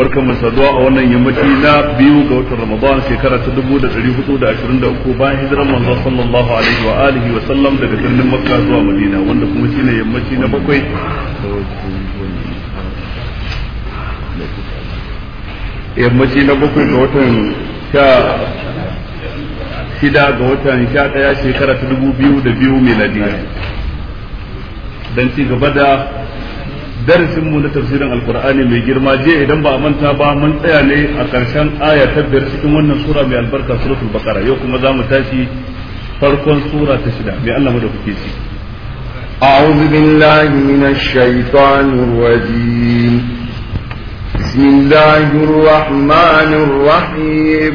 barkan mu saduwa a wannan yammaci na biyu ga watan Ramadan shekara ta 1423 bayan hijiran manzon sallallahu alaihi wa alihi wa sallam daga birnin Makka zuwa Madina wanda kuma shine yammaci na bakwai yammaci na bakwai ga watan sha shida ga watan sha daya shekara ta dubu biyu da biyu miladiya dan ci gaba da darasin mu na tafsirin alkur'ani mai girma je idan ba a manta ba mun tsaya ne a karshen aya ta biyar cikin wannan sura mai albarka suratul baqara yau kuma zamu tashi farkon sura ta shida mai Allah da kuke ci a'udhu billahi minash shaitanir rajim bismillahir rahmanir rahim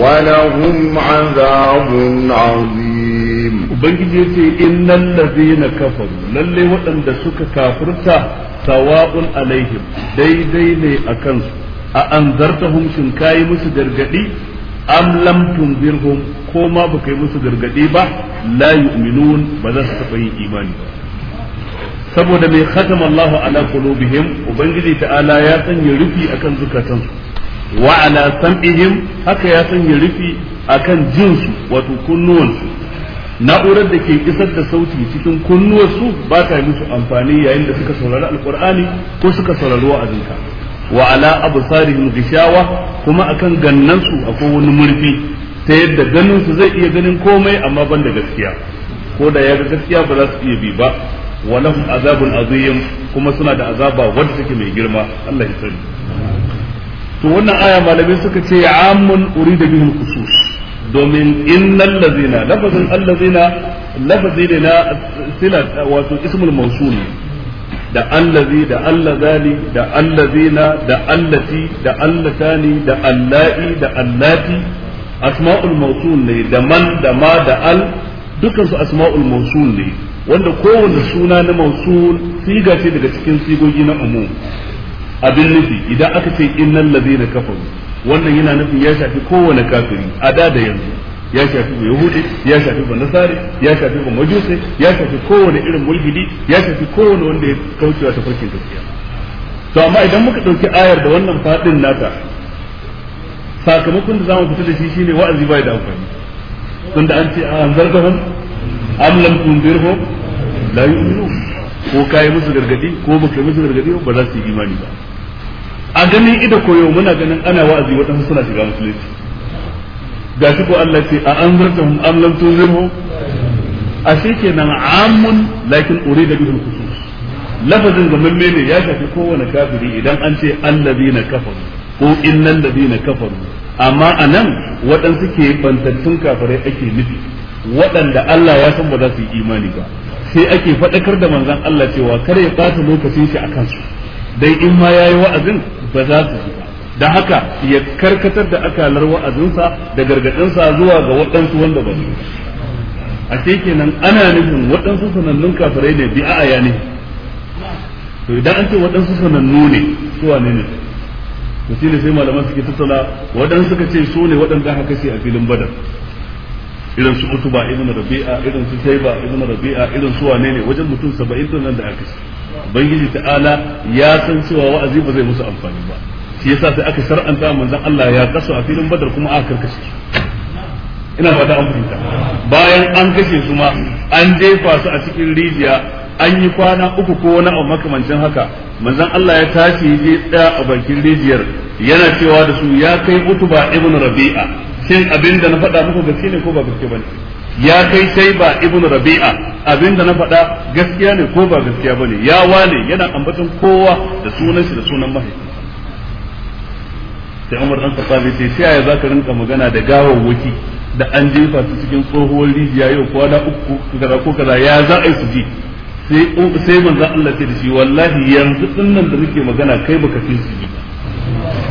ولهم عذاب عظيم ubangiji yace na ladhina kafaru lalle waɗanda suka kafirta sawa'un alaihim daidai ne a kansu, a anzartahum shin kai musu gargadi am lam tunzirhum ko ma baka yi musu gargadi ba la yu'minun ba za su taɓa yin imani saboda mai khatama Allahu ala qulubihim ubangiji ta'ala ya sanya rufi akan zukatansu wa ala sam'ihim haka ya sanya rufi akan jinsu wato kunnuwansu na'urar da ke isar da sauti cikin kunnuwarsu ba ta musu amfani yayin da suka saurari alkur'ani ko suka saurari wa'azinka wa ala absarihim gishawa kuma akan gannansu akwai wani murfi ta yadda ganin su zai iya ganin komai amma ban da gaskiya ko da ya ga gaskiya ba za su iya bi ba wa lahum azabun azim kuma suna da azaba wadda take mai girma Allah ya sani to wannan aya malamai suka ce ya amun da bihim kusus domin innal ladzina lafazin allazina lafazi ne na sila wato ismul mawsul da allazi da allazali da allazina da allati da allatani da allai da allati asma'ul mawsul ne da man da ma da al dukkan su asma'ul mawsul ne wanda kowanne suna na mawsul siga ce daga cikin sigogi na umum abin nufi idan aka ce innal ladina kafaru wannan yana nufin ya shafi kowane kafiri a da da yanzu ya shafi ba yahudi ya shafi ba nasari ya shafi ba majusi ya shafi kowane irin mulhidi ya shafi kowane wanda ya kaucewa ta farkin gaskiya to amma idan muka dauki ayar da wannan fadin nata sakamakon da zamu fita da shi shine wa'azi bai da amfani tunda an ce an zargahum am lam tundirhu la yu'minu ko kai musu gargadi ko baka musu gargadi ba za su yi imani ba a ganin ido koyo muna ganin ana wa'azi waɗansu suna shiga musulunci ga shi ko Allah ce a an zartahum am lam tunzirhum ashe kenan amun lakin da bihul khusus lafazin mun mene ya shafi kowane kafiri idan an ce allazina kafaru ko innal ladina kafaru amma anan waɗansu ke bantattun kafirai ake nufi waɗanda Allah ya san ba za su yi imani ba sai ake faɗakar da manzon Allah cewa kare ya ɓata lokacin shi a kansu dai in ma yayi wa'azin ba za su ji da haka ya karkatar da akalar wa'azinsa da gargadinsa zuwa ga waɗansu wanda ba su a kenan ana nufin waɗansu sanannun kafirai ne bi a aya ne to idan an ce waɗansu sanannu ne su wane ne to shine sai malaman suke tattala waɗansu suka ce su ne waɗanda aka kashe a filin badar irin su utuba ibn rabi'a irin su taiba ibn rabi'a irin su wane ne wajen mutum 70 nan da aka kashe ubangiji ta'ala ya san cewa wa'azi ba zai musu amfani ba shi yasa sai aka shar'anta manzon Allah ya kasu a filin badar kuma aka karkashe ina fata an fahimta bayan an kashe su ma an jefa su a cikin rijiya an yi kwana uku ko wani abu makamancin haka manzon Allah ya tashi je tsaya a bakin rijiyar yana cewa da su ya kai utuba Ibn rabi'a shin abinda na faɗa muku gaske ne ko ba gaske bane ya kai sai ba rabi'a abinda na faɗa gaskiya ne ko ba gaskiya bane ya wane yana ambaton kowa da sunan shi da sunan mahaifi sai Umar dan Khattabi sai sai za zaka rinka magana da waki da an jefa su cikin tsohuwar rijiya yau kwana uku kaza ko kaza ya za a yi su ji sai sai manzon Allah ce da shi wallahi yanzu nan da muke magana kai baka fi su ji ba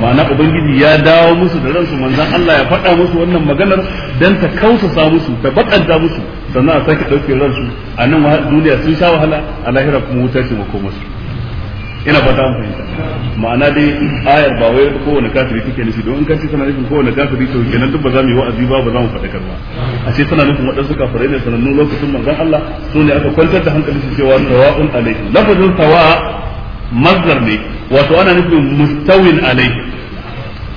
ma'ana ubangiji ya dawo musu da ransu manzan Allah ya faɗa musu wannan maganar dan ta sa musu ta bakanta musu sannan a sake ɗauke ransu a nan duniya sun sha wahala a lahira kuma wuta ce mako musu ina ba ta fahimta ma'ana dai ayar ba wai kowane kafiri kake nufi don in kace tana nufin kowane kafiri to kenan duk ba za mu yi wa'azi ba ba za mu faɗakar ba a ce tana nufin waɗansu kafirai ne sanannu lokacin manzan Allah su ne aka kwantar da hankali su cewa tawa'un alaihi lafazin tawa mazdar ne wato ana nufin mustawin alai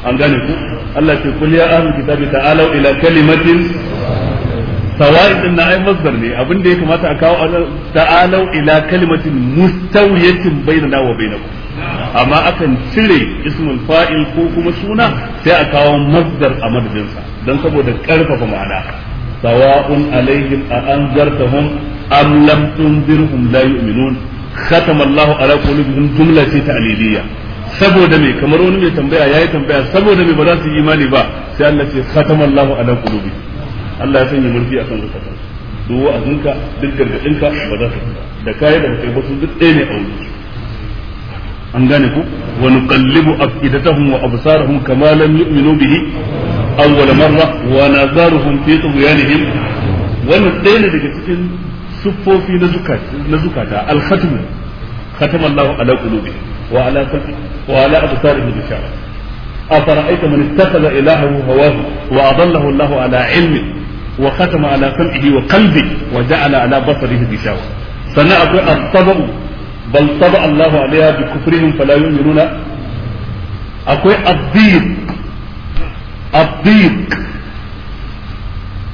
an gane ku Allah ce kul ya ahlul kitabi ta'alu ila kalimatin sawa'in din na masdar ne abin da ya kamata a kawo ta'alu ila kalimatin mustawiyatin bainana wa bainakum amma akan cire ismul fa'il ko kuma suna sai a kawo masdar a madadinsa don saboda karfafa ma'ana sawa'un alaihim a anzartahum am lam tunzirhum la yu'minun khatama Allahu ala jumla ce ta aliliya saboda me kamar wani mai tambaya yayi tambaya saboda me ba za su yi imani ba sai Allah ce khatama Allahu ala qulubihim Allah ya sanya murfi akan zakatan duk wa'azinka duk gargadinka ba za su da kai da kai ba su duk ɗaya ne a wurin an gane ku wa ne daga cikin siffofi na zukata alhatim khatam Allah ala qulubi wa ala qalbi wa ala absari min shara afara aita man ittakhadha ilahahu hawahu wa adallahu Allah ala ilmi wa khatam ala sam'ihi wa qalbi wa ja'ala ala basarihi bishawa sana akwai asbabu bal taba Allah alayha bi kufrihim fala yu'minuna akwai adbir adbir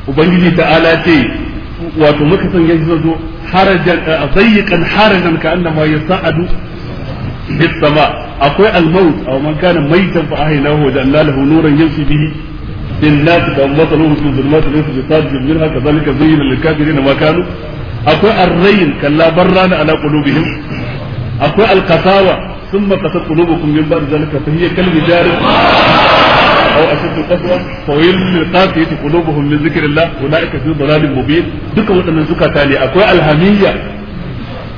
ubangiji ta'ala ce wato muka san ya zo harajan zayyikan harajan ka annama yasa'adu bis sama akwai al-maut aw man kana maitan fa a wa ja'alna lahu nuran yamshi bihi للناس كان مثلهم في الظلمات ليس بخارج منها كذلك زين للكافرين ما كانوا أقوى الرين كلا بران على قلوبهم أقوى القساوة ثم قست قلوبكم من بعد ذلك فهي كالمجارة أو أشد قسوة فويل للقاسية قلوبهم من ذكر الله أولئك في ضلال مبين دك وطن زكاة تالية أكوى الهمية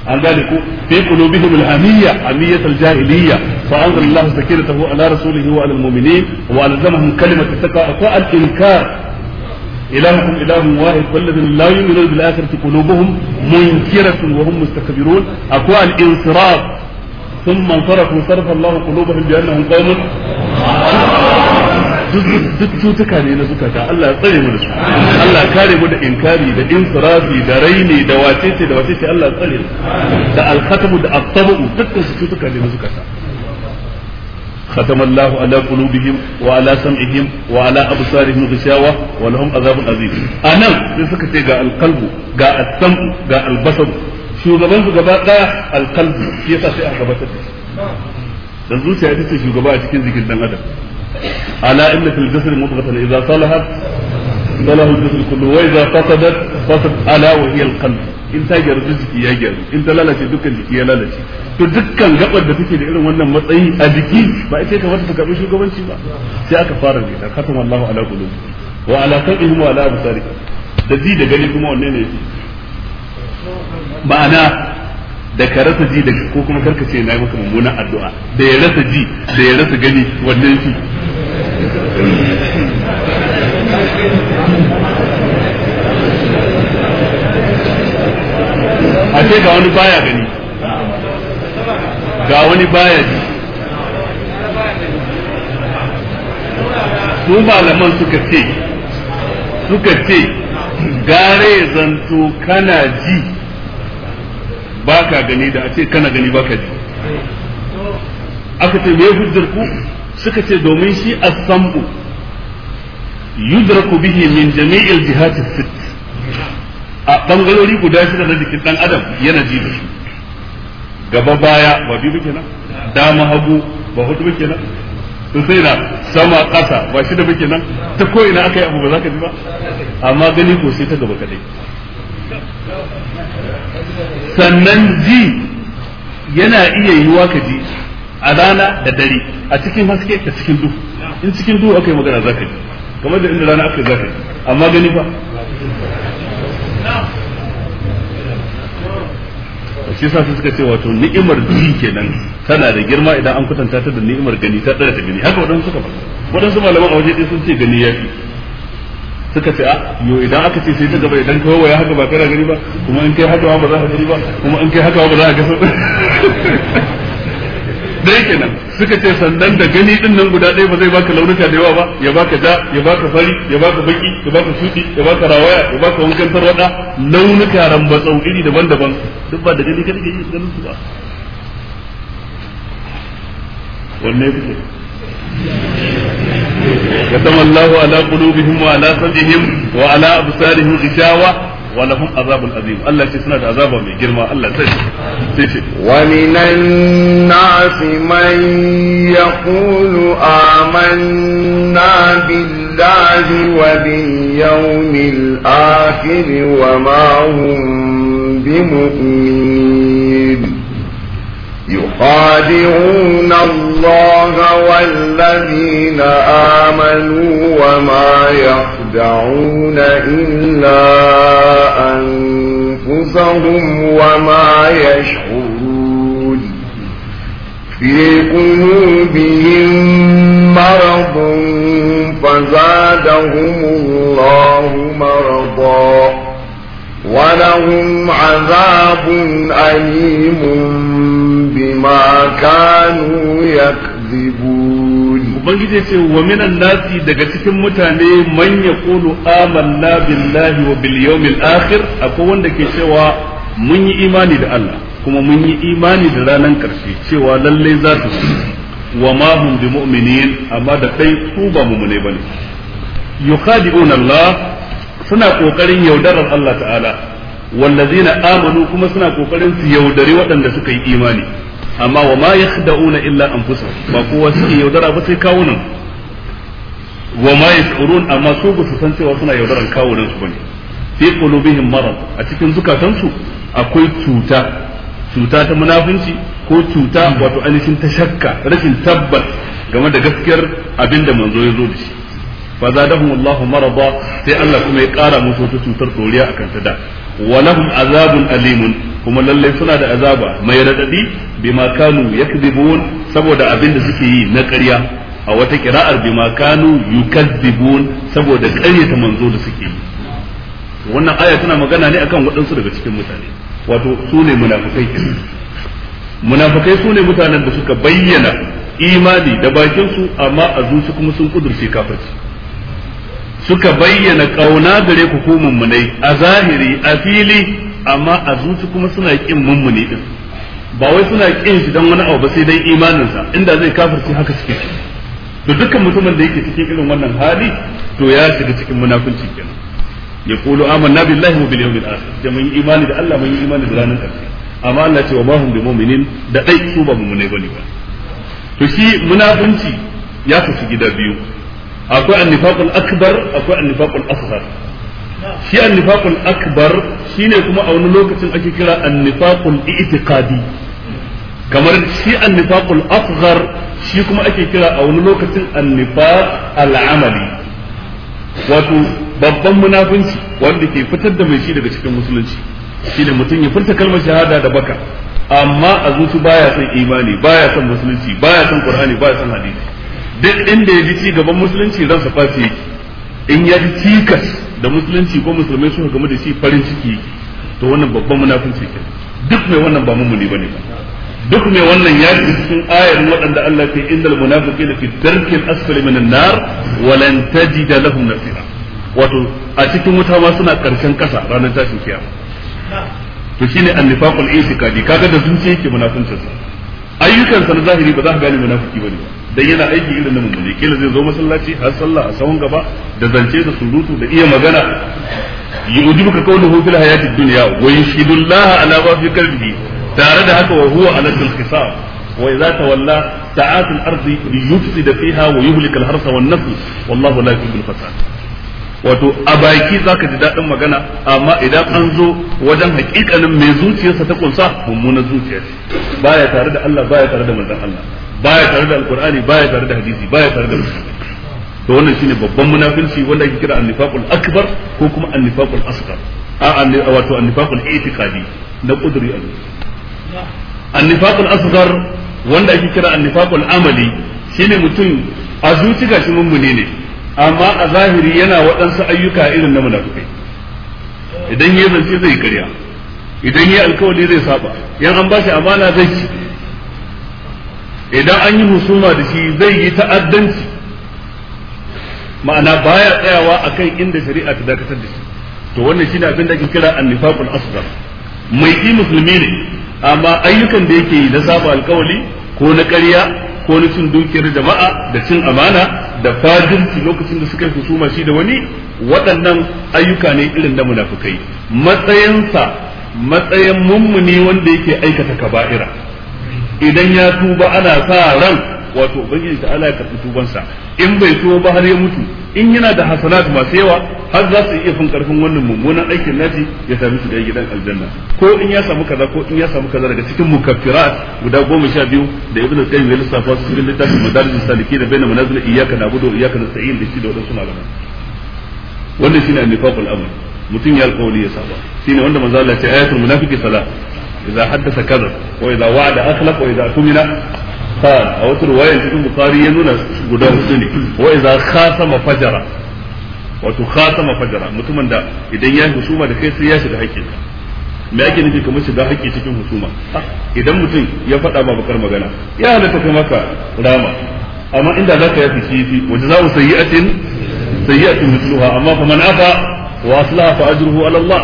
عن ذلك في قلوبهم الهمية عمية الجاهلية فأنزل الله سكينته على رسوله وعلى المؤمنين وألزمهم كلمة التقوى أكوى الإنكار إلهكم إله واحد والذين لا يؤمنون بالآخرة قلوبهم منكرة وهم مستكبرون أكوى الانصراف ثم انصرفوا صرف الله قلوبهم بأنهم قوم duk cutuka ne na zukata Allah ya tsare mu da su Allah ya kare mu da inkari da insirafi da raini da wacece da wacece Allah ya tsare da alkhatamu da asabu dukkan su cutuka ne na zukata ختم الله على قلوبهم وعلى سمعهم وعلى ابصارهم غشاوه ولهم عذاب عظيم انا sai suka ce ga alqalbu ga as ga al shugaban gaba daya alqalbu yasa sai a gabatar da shi dan shugaba a cikin jikin dan adam ala inna fil jasad mudghatan idza salahat salahu al-jasad al in ta gyaru jiki ya gyaru in ta lalace dukkan jiki ya lalace to dukkan gabar da take da irin wannan matsayi a jiki ba ita kamar karbi shugabanci ba sai aka fara da ta kasan ala wa ala wa ala da ji da gani kuma wanne ne ma'ana da ka rasa ji da ko kuma karka ce nayi maka mummuna addu'a da ya rasa ji da ya rasa gani wannan shi a ce ga wani baya gani ga wani baya ji su malaman suka ce suka ce gare zanto kana ji ba ka gani da a ce kana gani ba ka ji aka ce me hujjar ku suka ce domin shi asambu samu yudraku bihi min jami'il jihati fit a bangarori guda shida na jikin dan adam yana ji da shi. gaba baya ba biyu kenan dama hagu ba hudu to sai na sama ƙasa ba shi da muke nan ta ko ina aka yi abu ba za ka ji ba amma gani ko sai ta gaba kadai sannan ji yana iya yiwa ka ji a rana da dare a cikin haske da cikin duhu in cikin duhu aka yi magana za ka ji kamar da inda rana aka yi za ka ji amma gani ba shi sa suka ce wato ni'imar ji kenan tana da girma idan an kwatanta ta da ni'imar gani ta tsara ta gani haka waɗansu suka ba waɗansu malaman a waje ɗaya sun ce gani ya fi suka ce a ah, yo idan aka ce sai ta gaba idan kawai waya haka ba kana gani ba kuma in kai haka ba za ka gani ba kuma in kai haka ba za ka gasa dai kenan suka ce sandan da gani din nan guda ɗaya ba zai baka launuka da yawa ba ya baka ja ya baka fari ya baka baki ya baka shuti ya baka rawaya ya baka wankan tarwada launuka rambatsau iri daban-daban duk ba da gani kada ke yi ganin su ba wanne kuke katama Allahu ala qulubihim wa ala sam'ihim wa ala absarihim ghishawa ولهم عذاب عظيم الله سيسنا عذاب من جرما الله سيسنا ومن الناس من يقول آمنا بالله وباليوم الآخر وما هم بمؤمنين يخادعون الله والذين آمنوا وما يخدعون إلا أنفسهم وما يشعرون في قلوبهم مرض فزادهم الله مرضاً ولهم عذاب أليم بما كانوا يكذبون وبنجي ce ومن nasi daga cikin mutane man yaqulu amanna billahi wa bil yawmil akhir akwai wanda ke cewa mun yi imani da Allah kuma mun yi imani da ranar karshe cewa lallai za su wa ma hum mu'minin amma da kai su ba mu ne bane yukhadi'una Allah suna kokarin yaudarar Allah ta'ala wallazina amanu kuma suna kokarin su yaudari waɗanda suka yi imani amma wa ma yakhda'una illa anfusahum ba kowa suke yaudara ba sai kawunan wa ma yash'urun amma su ba su san cewa suna yaudaran kawunan su bane fi qulubihim marad a cikin zukatansu akwai cuta cuta ta munafunci ko cuta wato ainihin ta shakka rashin tabbas game da gaskiyar abinda manzo ya zo da shi fa zadahum Allahu marada sai Allah kuma ya kara musu wata cutar doriya akan ta da wa azabun alimun kuma lalle suna da azaba mai radadi bima kanu yakdibun saboda abin da suke yi na ƙarya a wata kira'ar bima kanu yukazzibun saboda ƙaryata manzo da suke yi wannan aya tana magana ne akan waɗansu daga cikin mutane wato su ne munafukai munafukai su ne mutanen da suka bayyana imani da bakinsu amma a zuci kuma sun kudurce kafirci suka bayyana kauna gare ku ku ne a zahiri a fili amma a zuci kuma suna kin ne din ba wai suna kin shi dan wani abu ba sai dan imaninsa inda zai kafirci haka suke to dukkan mutumin da yake cikin irin wannan hali to ya shiga cikin munafunci kenan ya kulu amanna billahi wa bil yawmil akhir da mun imani da Allah mun yi imani da ranar karshe amma Allah ce wa ma hum mu'minin da dai su ba mu bane ba to shi munafunci ya kasu gida biyu akwai annifaqul akbar akwai annifaqul asghar shi annifaqul akbar shine kuma a wani lokacin ake kira annifaqul i'tiqadi kamar shi annifaqul asghar shi kuma ake kira a wani lokacin annifaq al'amali wato babban munafunci wanda ke fitar da mai shi daga cikin musulunci shine mutum ya furta kalmar shahada da baka amma a zuci baya son imani baya son musulunci baya son qur'ani baya son hadisi duk inda ya ji ci gaban musulunci ransa fasi in ya ji cikas da musulunci ko musulmai suka gamu da shi farin ciki to wannan babban munafunci ke duk mai wannan ba mumuni bane ba duk mai wannan ya ji cikin ayar waɗanda Allah ke innal munafiqina fi darkil asfali minan nar wa lan tajida lahum nasira wato a cikin wuta ma suna karshen kasa ranar tashin kiyama to shine annifaqul itiqadi kaga da zuciya yake munafincin sa ayyukan sa na zahiri ba za ka gane munafiki bane ba dan yana aiki irin na mummuni kila zai zo masallaci har sallah a sahun gaba da zance da surutu da iya magana yujibuka qawluhu fil hayati dunya wa yushhidullah ala ma fi qalbihi tare da haka wa huwa ala al-hisab wa idza tawalla ta'at al-ardi li yufsida fiha wa yuhlika al-harsa wan nafs wallahu la yuhibbu al-fasad wato a baki zaka ji dadin magana amma idan an zo wajen hakikanin mai zuciyarsa ta kunsa mummunan zuciya ce baya tare da Allah baya tare da manzon Allah baya tare da alqur'ani baya tare da hadisi baya tare da to wannan shine babban munafinci wanda ake kira annifaqul akbar ko kuma annifaqul asghar a wato annifaqul itiqadi na kuduri a annifaqul asghar wanda ake kira annifaqul amali shine mutum a zuci gashi mummuni ne amma a zahiri yana waɗansu ayyuka irin na munafikai idan ya zance zai karya idan ya alkawari zai saba yan an bashi amana zai ci idan an yi husuma da shi zai yi ta'addanci ma'ana baya tsayawa akan inda shari'a ta dakatar da shi to wannan shine abin da ake kira annifaqul asghar mai yi musulmi ne amma ayyukan da yake yi na saba alkawali ko na ƙarya ko na cin dukiyar jama'a da cin amana da fajirci lokacin da suka husuma shi da wani waɗannan ayyuka ne irin na munafukai matsayinsa matsayin mummuni wanda yake aikata kaba'ira idan ya tuba ana sa ran wato ubangiji ta ala ya karɓi tubansa in bai tuba ba har ya mutu in yana da hasanat masu yawa har za su iya fin karfin wannan mummunan aikin naji ya sami su da gidan aljanna ko in ya samu kaza ko in ya samu kaza daga cikin mukaffirat guda goma sha biyu da ibnu qayyim ya lissafa su cikin littafin madarijus salikin da bainal manazil iyyaka na'budu wa iyyaka nasta'in da shi da wadansu malaman wannan shine annifaqul amr mutum ya alƙawari ya saba shine wanda manzo Allah ya ce ayatul munafiqi salat idza haddasa kaza wa idza wa'ada akhlaq wa idza tumina qal a wata riwayar cikin bukhari ya nuna guda hudu ne wa idza khasama fajara wato khasama fajara mutumin da idan ya husuma da kai sai ya shiga hakkinka me ake nufi kamar shiga hakki cikin husuma idan mutum ya faɗa ba bakar magana ya halatta kai maka rama amma inda zaka yafi shi fi wa jazaa'u sayyi'atin sayyi'atun mithluha amma kuma na fa wa aslaha fa ajruhu ala Allah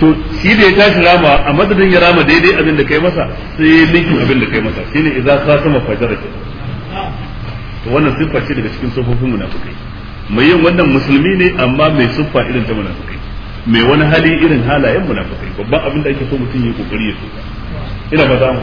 to shi da ya tashi rama a madadin ya rama daidai abin da kai masa sai ya linkin abin da kai masa shine idza khasama fajara ke to wannan siffa ce daga cikin sofofin munafikai mai yin wannan musulmi ne amma mai siffa irin ta munafikai mai wani hali irin halayen munafikai babban abin da ake so mutum ya kokari ya tuka ina ba za mu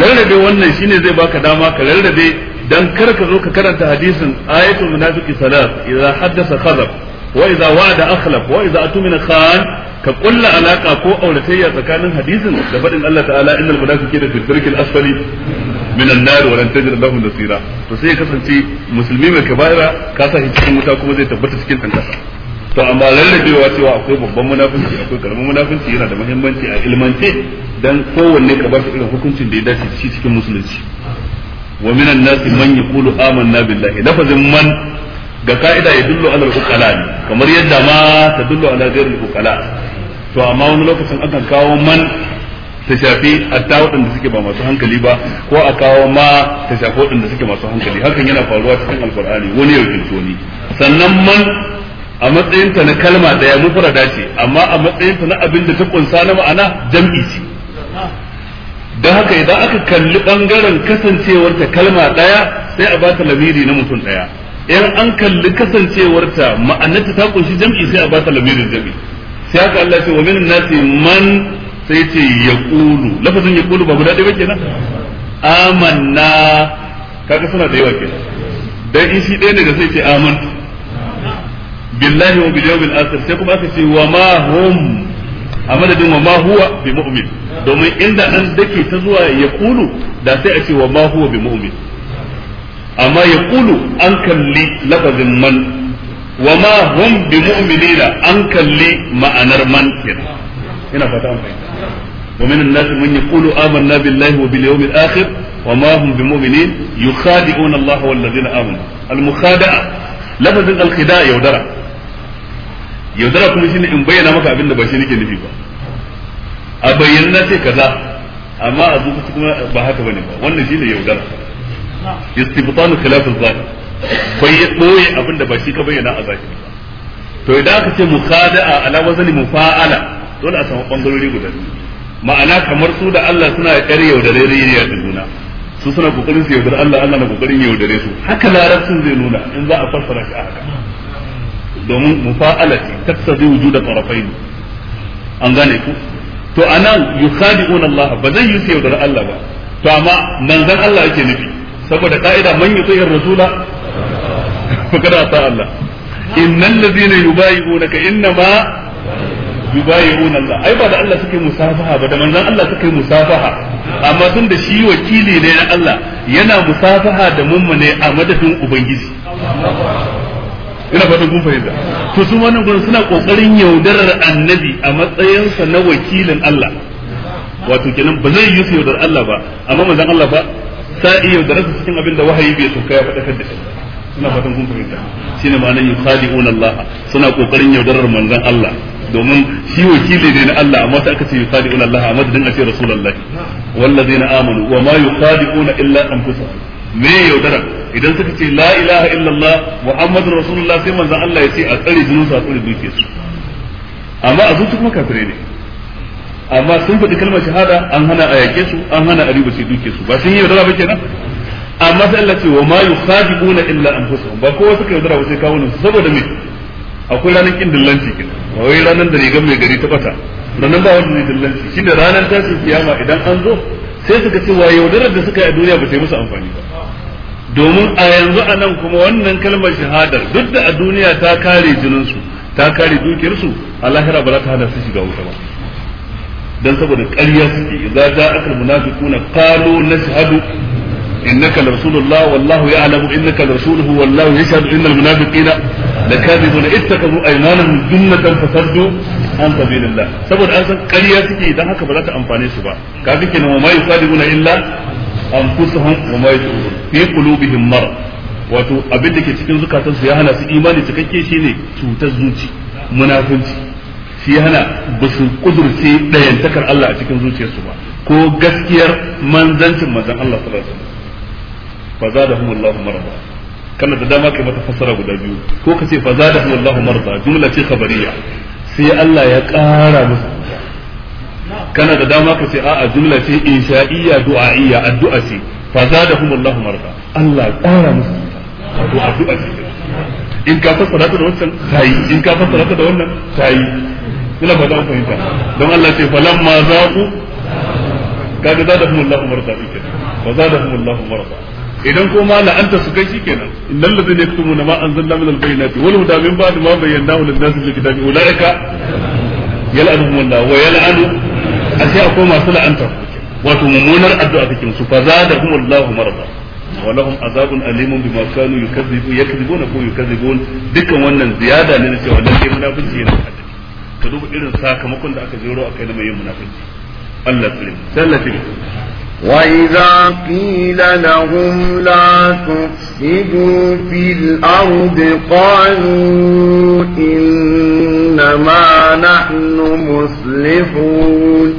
rarrabe wannan shine zai baka dama ka rarrabe dan kar ka zo ka karanta hadisin ayatul munafiqi salat idza haddasa khazab wa idza wa'ada akhlaf wa idza atumina khan ka kulla alaka ko auratayya tsakanin hadisin da faɗin Allah ta'ala innal munafiqina fi sirkil asfali minan nar wa lan tajid lahum nasira to sai kasance musulmi mai kaba'ira ka sa shi cikin wuta kuma zai tabbata cikin tankasa to amma lallabewa cewa akwai babban munafunci akwai karamin munafunci yana da muhimmanci a ilmance dan kowanne ka ba shi irin hukuncin da ya dace shi cikin musulunci wa minan nasi man yaqulu amanna billahi lafazin man ga ka'ida ya dullo alal uqala kamar yadda ma ta dullo ala ghairil uqala to amma wani lokacin akan kawo man ta shafi hatta waɗanda suke ba masu hankali ba ko a kawo ma ta shafi waɗanda suke masu hankali hakan yana faruwa cikin alkur'ani wani ya wakilto ni sannan man a matsayinta na kalma daya mufara ce amma a matsayinta na abin da ta kunsa na ma'ana jam'i ce don haka idan aka kalli bangaren kasancewarta kalma ɗaya sai a bata lamiri na mutum ɗaya. in an kalli kasancewarta ma'anarta ta kunshi jam'i sai a bata lamirin jam'i sai haka Allah ce wa minan nasi man sai ce yaqulu lafazin yaqulu ba guda ɗaya ba kenan amanna kaga suna da yawa ke. dan in shi ɗaya ne da sai ce amantu billahi wa bil yawmil akhir sai kuma aka ce wa ma hum a madadin wa ma huwa bi mu'min domin inda an dake ta zuwa yaqulu da sai a ce wa ma huwa bi mu'min amma ya yaqulu an kalli lafazin man wa hum bi mu'minina an kalli ma'anar man kenan ina fata an fahimta wa min an-nas man yaqulu amanna billahi wa bil yawmil akhir wa ma hum bi mu'minin yukhadi'una Allah wal ladina amanu al-mukhada'a lafazin al-khida' yaudara yaudara kuma shine in bayyana maka abin da ba shi nake nufi ba a bayyana sai kaza amma a zuci kuma ba haka bane ba al kai ya ɓoye abin da ba shi ka bayyana a zahiri ba to idan aka ce mukada'a ala wazani mufa'ala dole a samu bangarori guda ma'ana kamar su da Allah suna yar yaudare riya da nuna, su suna kokarin su yaudar Allah Allah na kokarin yaudare su haka larabcin zai nuna in za a fassara shi a haka domin mufa'ala ce tattazi wujuda tarafain an gane ku to anan yukhadi'una Allah ba zai yi su yaudare Allah ba to amma manzon Allah yake nufi saboda ka'ida man yuti rasula فقد أطاع الله إن الذين يبايعونك إنما yubayyun Allah ai ba da Allah suke musafaha ba da manzon Allah suke musafaha amma tun da shi wakili ne na Allah yana musafaha da ne a madadin ubangiji ina fatan kun fahimta to su wannan gurin suna kokarin yaudarar annabi a matsayinsa na wakilin Allah wato kenan ba zai yi yaudar Allah ba amma manzon Allah ba sai yaudar su cikin abin da wahayi bai tsoka kai ya faɗa da shi ina fatan kun fahimta shine ma'anar yukhadi'un Allah suna kokarin yaudarar manzon Allah domin shi wakili ne na Allah amma sai aka ce yukhadi'un Allah a a ce rasulullah wallazina amanu wa ma illa anfusahum me yaudara idan suka ce la ilaha illallah muhammadur rasulullah sai manzon Allah ya ce a tsare junansu a tsare dukiyarsu amma a zuci kuma kafirai ne amma sun faɗi kalmar shahada an hana a yaƙe su an hana a riba sai duke su ba sun yaudara ba kenan amma sai Allah ce wa ma yukhadibuna illa anfusuhum ba kowa suka yaudara ba sai kawo ne saboda me akwai ranar kin dillanci kin ba wai da rigar mai gari ta bata ranar ba wanda zai dillanci shi da ranar tashin kiyama idan an zo sai suka ce wa yaudarar da suka yi a duniya ba ta yi musu amfani ba domin a yanzu a nan kuma wannan kalmar shahadar duk da a duniya ta kare jininsu ta kare dukiyarsu a lahira ba za ta hana su shiga wuta ba dan saboda ƙarya suke idza ja'akal munafiquna qalu nashhadu innaka rasulullah wallahu ya'lamu innaka rasuluhu wallahu yashhadu innal munafiqina lakadibuna ittakhadhu aymanahum junnatan fasaddu an sabilillah saboda an san ƙarya suke dan haka ba za ta amfane su ba kaga kenan wa ma yusadibuna illa anfusuhum wa wato abin da ke cikin zukatansu ya hana su imani cikakke shine cutar zuci munafunci shi hana ba su kudurce dayantakar Allah a cikin zuciyarsu ba ko gaskiyar manzancin manzan Allah sallallahu alaihi wasallam fa zadahumullahu marada kana da dama kai mata fasara guda biyu ko ka ce fa zadahumullahu marada jumla ce khabariya sai Allah ya ƙara musu kana da dama ka ce a'a jumla ce insha'iyya du'a'iyya addu'a ce fa zadahumullahu marada Allah ya ƙara musu wato addu'a ce in ka fassara ta da wannan sai in ka fassara ta da wannan sai ina ba za fahimta don Allah ce falamma zaqu kaga zadahumullahu marada kenan fa zadahumullahu marada idan kuma la'anta su kai shikenan innal ladhina yaktumuna ma anzalna min al-bayyinati wal huda min ba'd ma bayyana bayyanahu lin-nasi fil kitabi ulaika yal'anuhum Allah wa yal'anu ashe akwai masu la'anta wato mummunar addu'a take musu fa zadahum Allahu marada wa lahum azabun alimun bima kanu yukazzibu yakzibuna ko yukazzibun dukkan wannan ziyada ne na cewa lalle munafici yana ka duba irin sakamakon da aka jero akai na mai yin munafici Allah tsare mu sallatin وإذا قيل لهم لا تفسدوا في الأرض قالوا إنما نحن مصلحون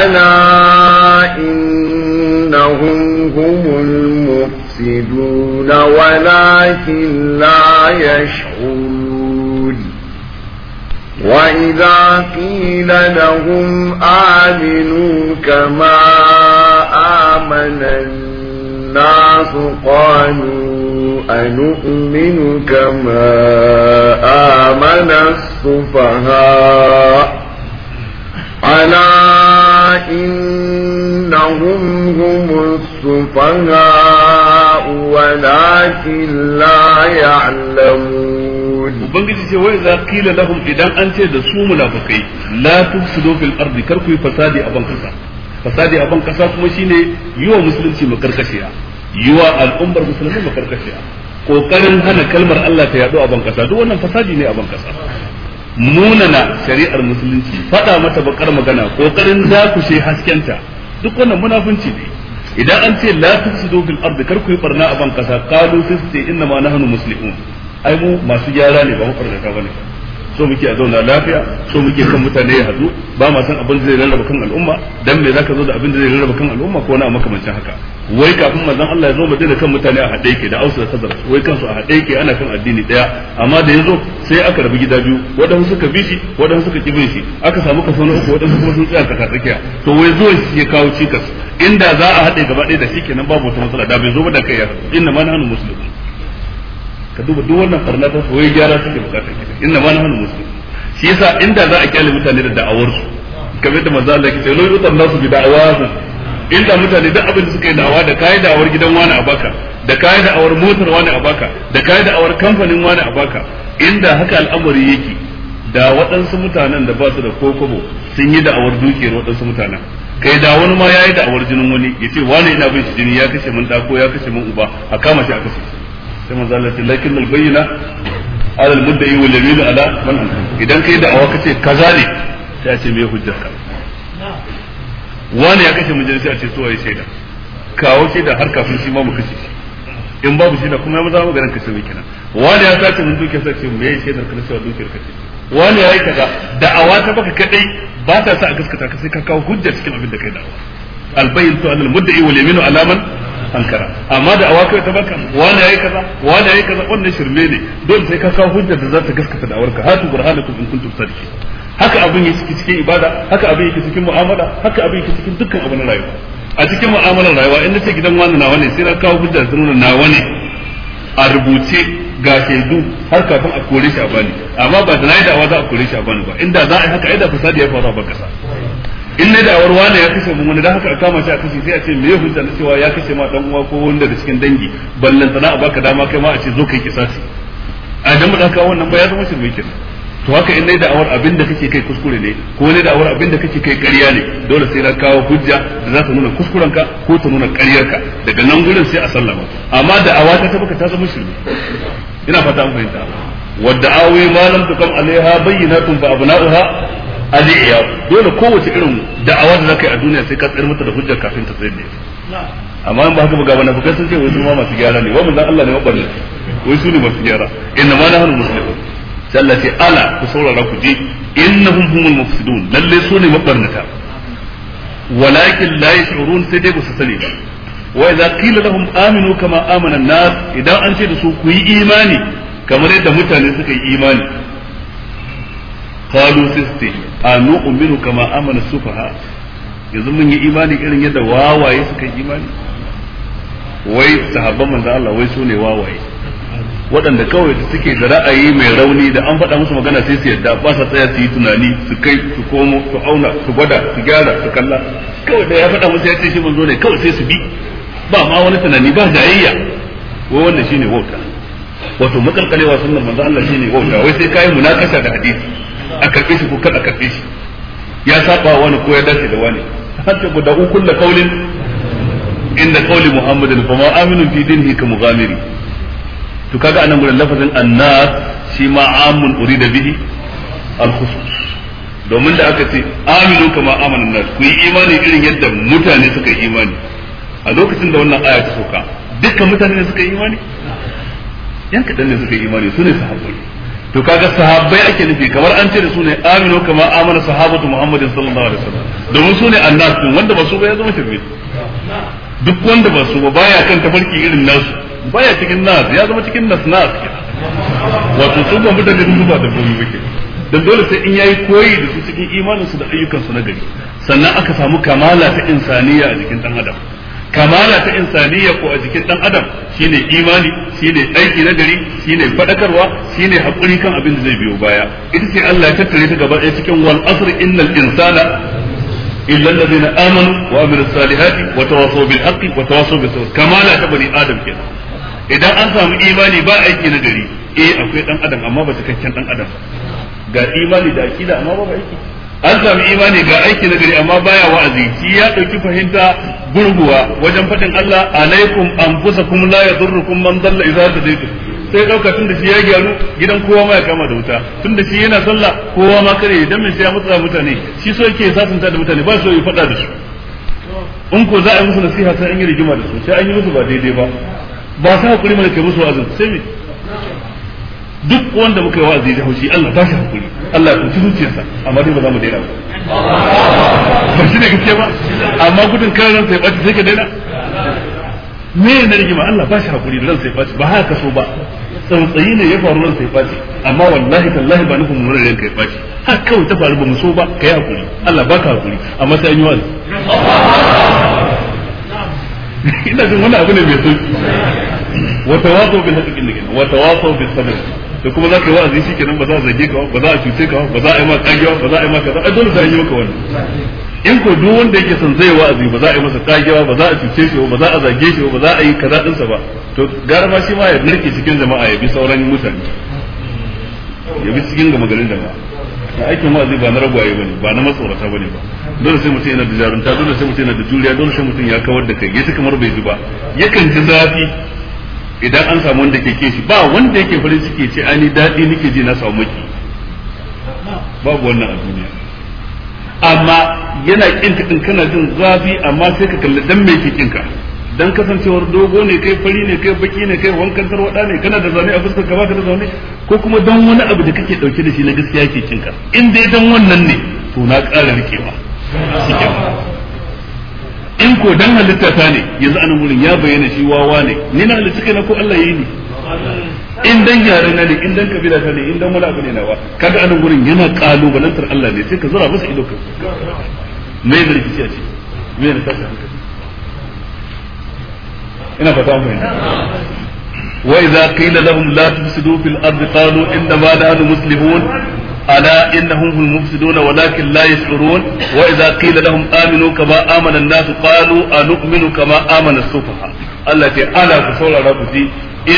ألا إنهم هم المفسدون ولكن لا يشعرون وإذا قيل لهم آمنوا كما آمن الناس قالوا أنؤمن كما آمن السفهاء ألا إنهم هم السفهاء ولكن لا يعلمون ubangiji ce wai za qila lahum idan an ce da su munafikai la tufsidu fil ardi kar ku yi fasadi a ban kasa fasadi a ban kasa kuma shine yiwa musulunci makarkashiya yiwa al'ummar musulmi makarkashiya kokarin hana kalmar Allah ta yadu a ban kasa duk wannan fasadi ne a ban kasa munana shari'ar musulunci fada mata bakar magana kokarin shi haskenta duk wannan munafunci ne idan an ce la tufsidu fil ardi kar ku yi barna a ban kasa qalu sai su ce inna ma nahnu muslimun ai mu masu gyara ne ba mu farkaka bane so muke a zauna lafiya so muke kan mutane ya hadu ba ma san abin da zai rarraba kan al'umma dan me zaka zo da abin da zai rarraba kan al'umma ko na makamancin haka wai kafin manzon Allah ya zo madina kan mutane a hade yake da ausa da tazar wai kansu a hade yake ana kan addini daya amma da yazo sai aka rabu gida biyu wadan suka bi shi wadan suka kibe shi aka samu kaso na uku wadan kuma sun tsaya ta tsakiya to wai zuwa shi ya kawo cikas inda za a hade gaba ɗaya da shi kenan babu wata matsala da bai zo ba da kai ya inna ma nahnu ka duba duk wannan farna ta soyayya gyara suke bukatar kida inna ma nahnu muslim shi yasa inda za a kyale mutane da da'awar su kamar da manzo Allah ya ce lai utar nasu bi da'awahum inda mutane duk abin da suka yi da'awa da kai da'awar gidan wani a baka da kai da'awar motar wani a baka da kai da'awar kamfanin wani a baka inda haka al'amari yake da waɗansu mutanen da ba su da kokobo sun yi da'awar dukiyar waɗansu mutanen kai da wani ma ya yi da'awar jinin wani ya ce wani ina bin shi jini ya kashe min ɗako ya kashe min uba a kama shi a kashe shi sai manzo Allah ce lakin al bayyina ala al mudda'i wal yamin ala man idan kai da awa kace kaza ne sai a ce me hujjar ka wani ya kace mun sai a ce so ai shaida kawo da har kafin shi ma mu kashe shi in babu da kuma ya maza maganar kashe mai kenan wani ya sace mun duke sace mu yayi shaidar kana cewa dukiyar kace wani ya yi kaza da'awa ta baka kadai ba ta sa a gaskata ka sai ka kawo hujja cikin abin da kai da'awa albayyin to annal mudda'i wal yaminu alaman ankara amma da awaka ta baka wani yayi kaza wani yayi kaza wannan shirme ne don sai ka kawo hujjar da za ta gaskata da awarka hatu burhanakum in kuntum sadiqin haka abin yake cikin ibada haka abin yake cikin mu'amala haka abin yake cikin dukkan abin rayuwa a cikin mu'amalar rayuwa in nace gidan wani nawa ne sai na kawo hujjar da nuna nawa ne a rubuce ga shaidu har kafin a kore shi a bani amma ba da na yi da'awa za a kore shi a bani ba inda za a yi haka ai da fasadi ya faru a bakasa in na da'awar wane ya kashe mun wani da haka a kama shi a kashe sai a ce me hujja na cewa ya kashe ma dan uwa ko wanda da cikin dangi ballan sana a baka dama kai ma a ce zo kai shi a dan mutan kawo wannan ba ya zama shirme kin to haka in na da'awar abin da kake kai kuskure ne ko ne da'awar abin da kake kai ƙarya ne dole sai na kawo hujja da za ta nuna ka ko ta nuna ka daga nan gurin sai a sallama amma da'awa ta ta baka ta zama shirme ina fata an fahimta wadda awi malam tukam alaiha bayyinatun fa abna'uha aliya dole kowace irin da'awa da zaka yi a duniya sai ka tsayar mata da hujjar kafin ta tsayar da ita amma in ba haka ba ga wannan fukai sun ce wai su ma masu gyara ne wa manzon Allah ne mabarni wai su ne masu gyara inna ma nahnu muslimun sai Allah ce ala ku saurara ku ji innahum humul mufsidun lalle su ne mabarnata walakin la yashurun sai dai ba su sani ba wa idza qila lahum aminu kama amana an-nas idan an ce da su ku yi imani kamar yadda mutane suka yi imani qalu sisti anu uminu kama amana sufaha yanzu mun yi imani irin yadda wawaye suka yi imani wai sahabban manzo Allah wai sune wawaye waɗanda kawai da suke da ra'ayi mai rauni da an faɗa musu magana sai su yadda ba sa tsaya su tunani su kai su komo su auna su gwada su gyara su kalla kawai ya faɗa musu ya ce shi manzo ne kawai sai su bi ba ma wani tunani ba jayayya wai wannan shine wauta wato makalkalewa sunnan manzo Allah shine wauta wai sai kai munakasha da hadisi a karbe shi ko kar a karbe shi ya saba wani ko ya dace da wani hatta guda ukun da kaulin inda kauli muhammadin fa ma aminu fi dinhi ka mughamiri to kaga anan gurin lafazin annas shi ma amun urida bihi al khusus domin da aka ce aminu kama amanan nas ku yi imani irin yadda mutane suka yi imani a lokacin da wannan aya ta sauka dukkan mutane ne suka yi imani yan kadan ne suka yi imani su ne sahabbai to kaga sahabbai ake nufi kamar an ce da su ne aminu kama amana sahabatu muhammadin sallallahu alaihi wasallam domin su ne annas din wanda ba su ba ya zama shirme duk wanda ba su ba baya kan tafarki irin nasu baya cikin nas ya zama cikin nas nas wato su ba mutane su ba da gobe yake dan dole sai in yayi koyi da su cikin imaninsu da ayyukansu na gari sannan aka samu kamala ta insaniya a jikin dan adam kamala ta insaniya ko a jikin dan adam shine imani shine aiki na gari shine fadakarwa shine hakuri kan abin da zai biyo baya ita ce Allah ya tattare ta gaba ɗaya cikin wal asr innal insana illa alladhina amanu wa amilus salihati wa tawassaw bil haqqi wa tawassaw bis sabr kamala ta bani adam kenan idan an samu imani ba aiki na gari eh akwai dan adam amma ba cikakken dan adam ga imani da akida amma ba aiki an sami imani ga aiki na gari amma baya wa'azi shi ya dauki fahimta gurguwa wajen fadin Allah alaikum anfusakum la yadurrukum man dalla idza tadaytum sai dauka tunda shi ya gyaru gidan kowa ma ya kama da wuta tunda shi yana sallah kowa ma kare idan mai sai ya mutsa mutane shi so yake sasanta da mutane ba so yi fada da su in ko za a yi musu nasiha sai an yi rigima da su sai an yi musu ba daidai ba ba sa hakuri mai kai musu wa'azin sai me duk wanda muka yi wa'azi da haushi Allah ba shi hakuri Allah ya kunci zuciyarsa amma dai ba za mu daina ba ba shi ne gaske ba amma gudun kare ransa ya bace sai ka daina me ne ma Allah ba shi hakuri da ransa ya ɓaci ba haka so ba tsantsayi ne ya faru ransa ya bace amma wallahi tallahi ba nufin mun ranka ya bace har kawai ta faru ba mu so ba ka yi hakuri Allah ba ka hakuri amma sai an yi wa'azi ina jin wani abu ne mai sauki wa tawasau bil haqqi wa tawasau bis sabr da kuma za yi wa'azi shi kenan ba za a zage ka ba za a cuce ka ba za a yi ma kagewa ba za a yi ma kaza ai dole za a yi maka wannan in ko duk wanda yake son zai wa'azi ba za a yi masa kagewa ba za a cuce shi ba za a zage shi ba za a yi kaza dinsa ba to gara ma shi ma ya narke cikin jama'a ya bi sauran mutane ya bi cikin gama garin jama'a aikin wa'azi ba na ragwaye bane ba na matsorata bane ba dole sai mutum yana da jarunta dole sai mutum yana da juriya dole sai mutum ya kawar da kai ya kamar bai ji ba yakan ji zafi idan an samu wanda ke kishi ba wanda yake farin ciki ce ani daɗi nake ji na samu maki babu wannan a duniya amma yana kin ka din kana jin zafi amma sai ka kalli dan me yake kin ka dan kasancewar dogo ne kai fari ne kai baki ne kai wankan tarwada ne kana da zane a fuskar ka baka da zane ko kuma dan wani abu da kake dauke da shi na gaskiya yake kin ka in dai dan wannan ne to na ƙara rikewa in ko dan halitta ta ne yanzu anan wurin ya bayyana shi wawa ne ni na halitta kai na ko Allah yayi ni in dan yare na ne in dan kabila ta ne in dan wani abu ne nawa kaga anan wurin yana kalubalantar Allah ne sai ka zura masa ido ka me zargi a ce me ne tashi ina fata mu wa idza qila lahum la tufsidu fil ardi qalu inna ma nahnu muslimun ألا إنهم هم المفسدون ولكن لا يشعرون وإذا قيل لهم آمنوا كما آمن الناس قالوا أنؤمن كما آمن السفهاء التي ألا كسول ربي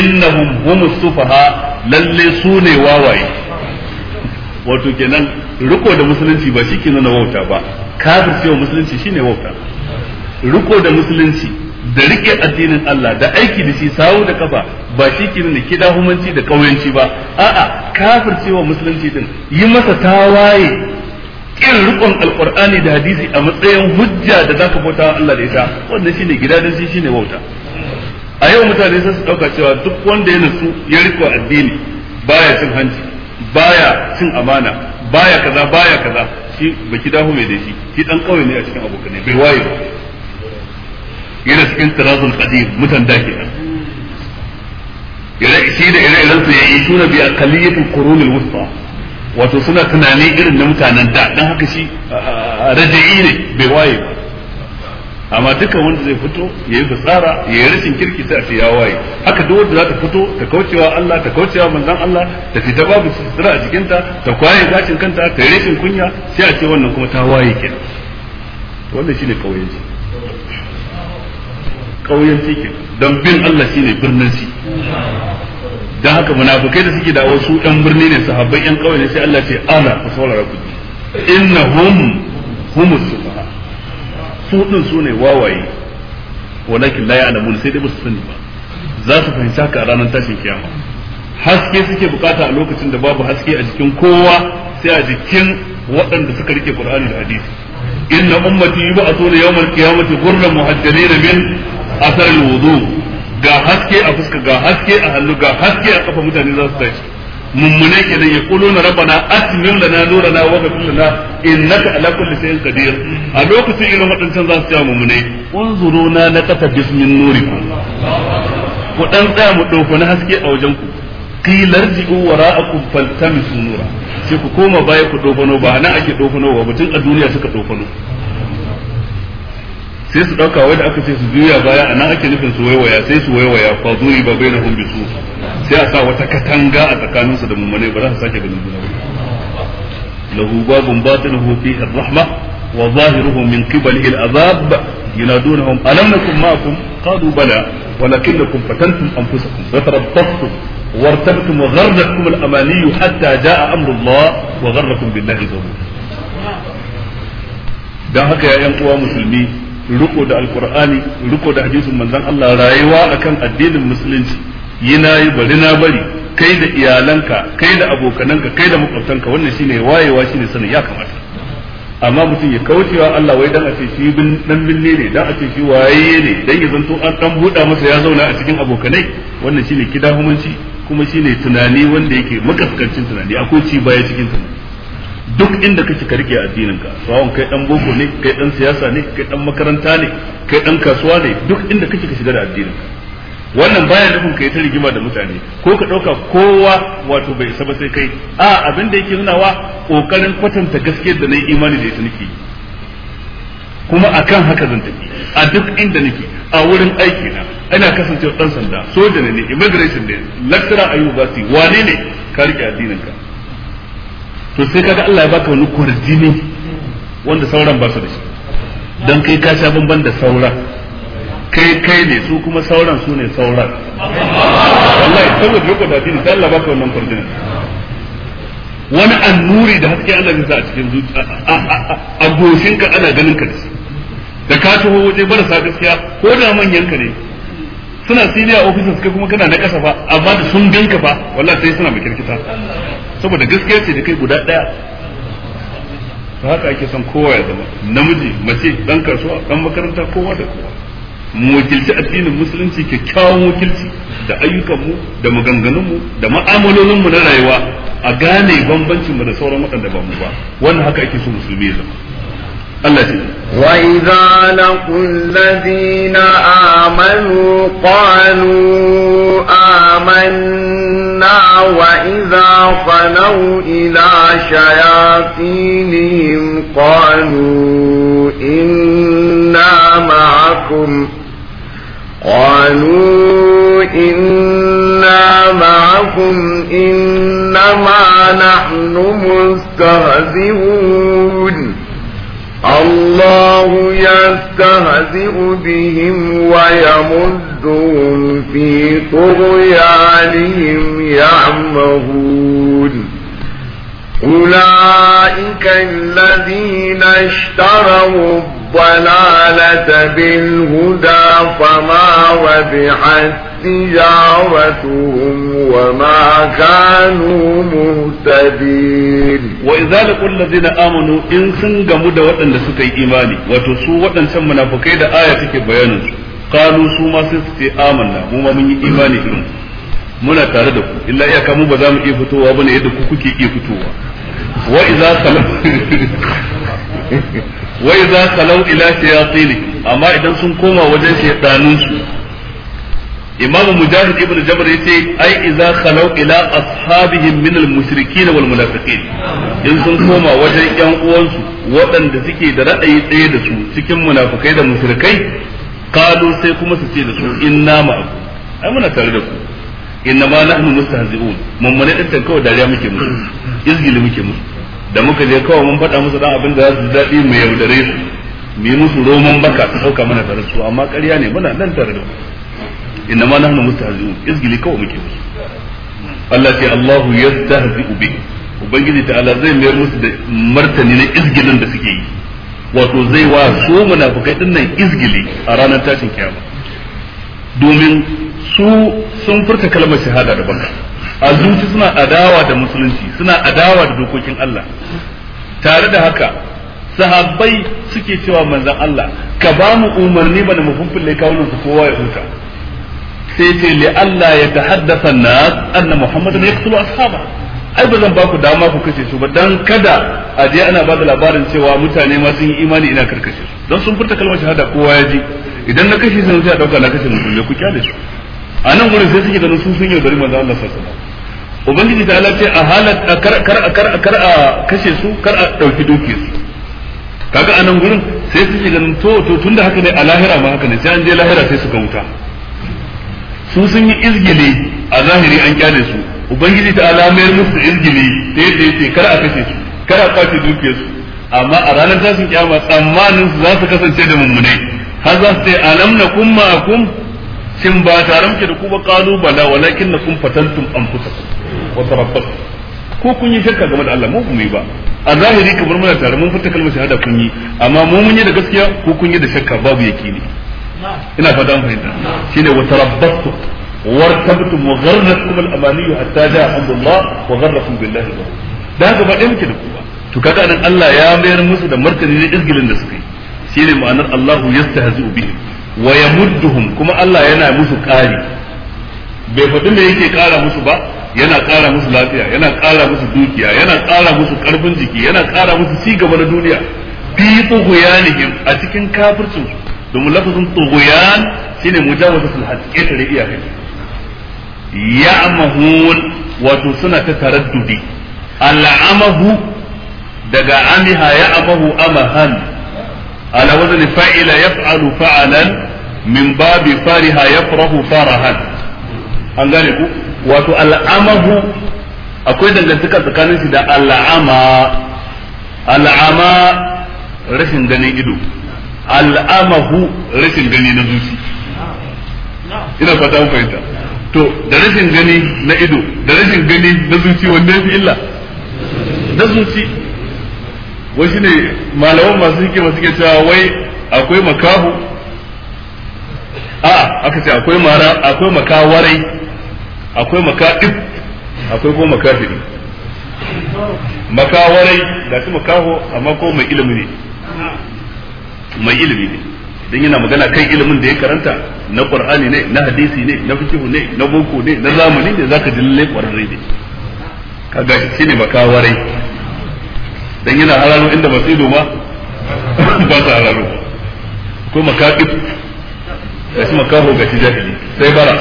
إنهم هم السفهاء للي سوني واواي wato kenan riko da musulunci ba shi ke nuna wauta ba kafir cewa musulunci shine wauta riko da musulunci da rike addinin Allah da aiki da shi sawu da kafa ba shi ke da kida humanci da kauyanci ba a'a cewa musulunci din yi masa tawaye kin rikon alqur'ani da hadisi a matsayin hujja da zaka bauta Allah da ita wannan shine gidadan shi shine bauta a yau mutane sai su dauka cewa duk wanda ya nutsu ya riko addini baya cin hanci baya cin amana baya kaza baya kaza shi baki dahu hume da shi shi dan kauye ne a cikin abokanai bai waye ba yana cikin tirazul qadim mutan da ke ire shi da ire iren su yayi suna bi aqaliyatul qurun al wato suna tunani irin na mutanen da dan haka shi raja'i ne bai waye ba amma dukkan wanda zai fito yayi fitsara yayi rashin kirki a ce ya waye haka duk wanda za ta fito ta kaucewa Allah ta kaucewa manzon Allah ta fita babu sutura a jikinta ta kwaye gashin kanta ta rashin kunya sai a ce wannan kuma ta waye kenan wannan shine kauyenci ƙauyen cikin don bin Allah shine birnin shi dan haka munafikai da suke da wasu ɗan birni ne su sahabbai ɗan ƙauye ne sai Allah ce ala ku saurara ku innahum humus sufaha su din su ne wawaye walakin la ya'lamun sai dai ba su sani ba za su fahimci haka a ranar tashin kiyama haske suke bukata a lokacin da babu haske a jikin kowa sai a jikin waɗanda suka rike Qur'ani da hadisi inna ummati yub'athuna yawmal qiyamati ghurran muhajjalina min asar wudu ga haske a fuska ga haske a hannu ga haske a kafa mutane za su tashi mummune kenan yaquluna rabbana atmir lana nurana wa ghfir lana innaka ala kulli shay'in qadir a lokacin irin wadancan za su ce mummune unzuruna bismin ku dan tsaya mu dauko na haske a wajen ku wara'akum faltamisu nura sai ku koma baya ku dofano ba a duniya suka sai su dauka wai da aka ce su juya baya anan ake nufin su waiwaya sai su waiwaya fa zuri ba bainahum bisu sai a sa wata katanga a tsakaninsu da mummune ba za su sake ganin juna lahu babun batinuhu fi ar-rahma wa zahiruhu min qibali al-azab ينادونهم ألم نكن معكم قالوا بلى ولكنكم فتنتم أنفسكم وتربصتم وارتبتم وغرتكم الأماني حتى جاء أمر الله وغركم بالله الغرور da haka ya ‘yan uwa musulmi riko da alkur'ani riko da hadisin manzon Allah rayuwa akan addinin musulunci yi na yi bari na bari kai da iyalanka kai da abokananka kai da makwabtanka wannan shine wayewa shine sanin ya kamata amma mutum ya kaucewa Allah wai dan a ce shi dan binne ne dan a ce shi waye ne dan ya zanto an dan buda masa ya zauna a cikin abokanai wannan shine kidahumanci kuma shine tunani wanda yake makaskancin tunani akwai ci baya cikin tunani duk inda kake ka rike addinin ka sawon kai dan boko ne kai dan siyasa ne kai dan makaranta ne kai dan kasuwa ne duk inda kake ka shiga da addinin ka wannan baya nufin kai ta rigima da mutane ko ka dauka kowa wato bai saba sai kai a abin da yake nunawa kokarin kwatanta gaskiyar da nayi imani da ita nake kuma akan haka zan tafi a duk inda nake a wurin aiki na ina kasancewa dan sanda soja ne immigration ne lecturer a ti wane ne ka rike addinin ka to sai kaga Allah ya baka wani kurjini wanda sauran ba su da shi dan kai ka sha bamban da sauran kai kai ne su kuma sauran su ne sauran wallahi saboda duk da dini sai Allah baka wannan kurjini wani annuri da haske Allah ya sa a cikin zuciya a ka ana ganin ka da da ka taho waje marasa gaskiya ko da manyan ka ne suna siliya ofisin kai kuma kana na kasa fa amma da sun ganka fa wallahi sai suna makirkita saboda gaskiya ce da kai guda daya haka ake son kowa ya zama namiji mace dan kasuwa dan makaranta kowa da kowa mu wakilci addinin musulunci kyakkyawan wakilci da ayyukanmu da maganganunmu da ma'amalolinmu na rayuwa a gane bambancinmu da sauran waɗanda ba mu ba wannan haka ake so musulmi ya zama Allah ce وإذا لقوا الذين آمنوا قالوا آمنا وإذا خلوا إلى شياطينهم قالوا إنا معكم قالوا إنا معكم إنما نحن مستهزئون الله يستهزئ بهم ويمدهم في طغيانهم يعمهون أولئك الذين اشتروا الضلالة بالهدى فما ربحت تجارتهم وما كانوا مهتدين وإذا لقوا الذين آمنوا إن سنقموا دوات أن سكي إيماني وتسوا وأن سمنا فكيد آية كي بيانوس قالوا سوما سكي آمنا هما من إيماني إلهم muna tare da ku illa iyaka mu ba za mu iya fitowa bane yadda ku kuke iya fitowa wa idza salam wa idza salau ila amma idan sun koma wajen shaytanin su imam mujahid ibn ya ce, ai idza khalau ila ashabihim min al mushrikin wal munafiqin in sun koma wajen yan uwansu waɗanda suke da ra'ayi tsaye da su cikin munafikai da mushrikai qalu sai kuma su ce da su inna ma'akum ai muna tare da ku inna ma nahnu mustahzi'un mun mun dan kawai dariya muke musu izgili muke musu da muka je kawai mun faɗa musu dan abin da za su daɗi mu yaudare su mu yi musu roman baka su sauka mana tare su amma ƙarya ne muna nan tare da ku inna ma nahnu mustahzi'un izgili kawai muke musu Allah ce Allahu yastahzi'u bi ubangiji ta'ala zai mayar musu da martani na izgilin da suke yi wato zai wa su munafikai din nan izgili a ranar tashin kiyama domin su sun furta kalmar shahada da a zuci suna adawa da musulunci suna adawa da dokokin Allah tare da haka sahabbai suke cewa manzan Allah ka ba mu umarni bana mu funfulle kawunan su kowa ya huta sai ce li Allah ya ta tahaddasa nas anna muhammadan yaqtulu ashaba ai ba zan ba ku dama ku kace su ba dan kada a je ana ba da labarin cewa mutane ma sun yi imani ina karkashe su dan sun furta kalmar shahada kowa ya ji idan na kashe sun sai a dauka na kashe musulmi ku kyale su a nan gurin sai suke ganin sun sun yaudari manzo Allah sallallahu alaihi wasallam ubangiji ta ce a halatta kar kar kar kar a kashe su kar a dauki doki su kaga nan gurin sai suke ganin to to tunda haka ne a lahira ma haka ne sai an je lahira sai suka ga wuta su sun yi izgili a zahiri an kyale su ubangiji ta alamayar musu izgili da yadda yake kar a kashe su kar a kwace dukiyar su amma a ranar tashin kyama tsammanin su za su kasance da mummunai har za su ce alam na kun ma kun shin ba tare muke da ku ba bala walakin na kun fatantum anfusakum Wasu tarabbasu ko kun yi shakka game da Allah mu kuma yi ba a zahiri kamar muna tare mun fita kalmar shahada kun yi amma mu mun yi da gaskiya ko kun yi da shakka babu yake ne ina fata mu fahimta shine wa tarabbatu wartabtum wa gharratkum al-amani hatta ja'a amrullah wa gharrakum billahi da haka ba ɗan da kuma to kaga nan Allah ya mayar musu da martani ne izgilin da suka yi shine ma'anar Allahu yastahzi'u bihim wa yamudduhum kuma Allah yana musu ƙari bai faɗi me yake ƙara musu ba yana kara musu lafiya yana ƙara musu dukiya yana ƙara musu karfin jiki yana ƙara musu cigaba na duniya fi tughyanihim a cikin kafircin domin lafazin tughyan shine mujawazatul hadd ketare iyaka ya'mahun wato suna ta taraddudi al'amahu daga amiha ya'mahu amahan ala wazni fa'ila yaf'alu fa'alan min babi fariha yafrahu farahan an gane ku wato al'amahu akwai dangantaka tsakanin shi da al'ama al'ama rashin ganin ido al'amahu rashin gani na zuci ina fata mu fahimta to da rashin gani na ido da rashin gani na zuci wanda yafi illa na zuci wai shine malaman masu hikima suke cewa wai akwai makahu a aka ce akwai mara akwai makawarai akwai makaɗib akwai kuma makafiri makawarai da su makaho amma ko mai ilimi ne mai ilimi ne don yana magana kan ilimin da ya karanta na qur'ani ne na hadisi ne na fikihu ne na boko ne na zamani ne zaka dille kwararre ne kaga shi ne makawarai dan yana hararo inda ba su ma ba su hararo ko makaqib da shi makaho ga jahili sai bara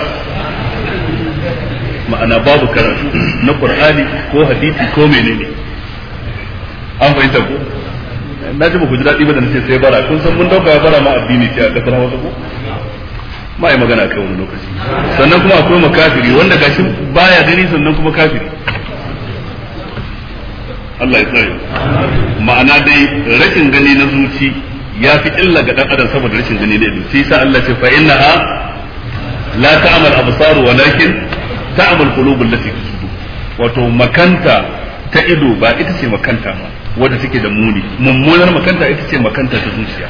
ma'ana babu karatu na qur'ani ko hadisi ko menene an fahimta ko na ji ba ku ji daɗi ba da nace sai bara kun san mun dauka ya bara ma addini ce a kasar Hausa ko ma yi magana kai wani lokaci sannan kuma akwai makafiri wanda gashi baya gani sannan kuma kafiri Allah ya tsare ma'ana dai rashin gani na zuci ya fi illa ga dan adam saboda rashin gani na ido sai sa Allah ce fa innaha la ta'mal absar walakin ta'mal qulubul lati wato makanta ta ido ba ita ce makanta ma. wanda take da muni mummunar makanta ita ce makanta ta zuciya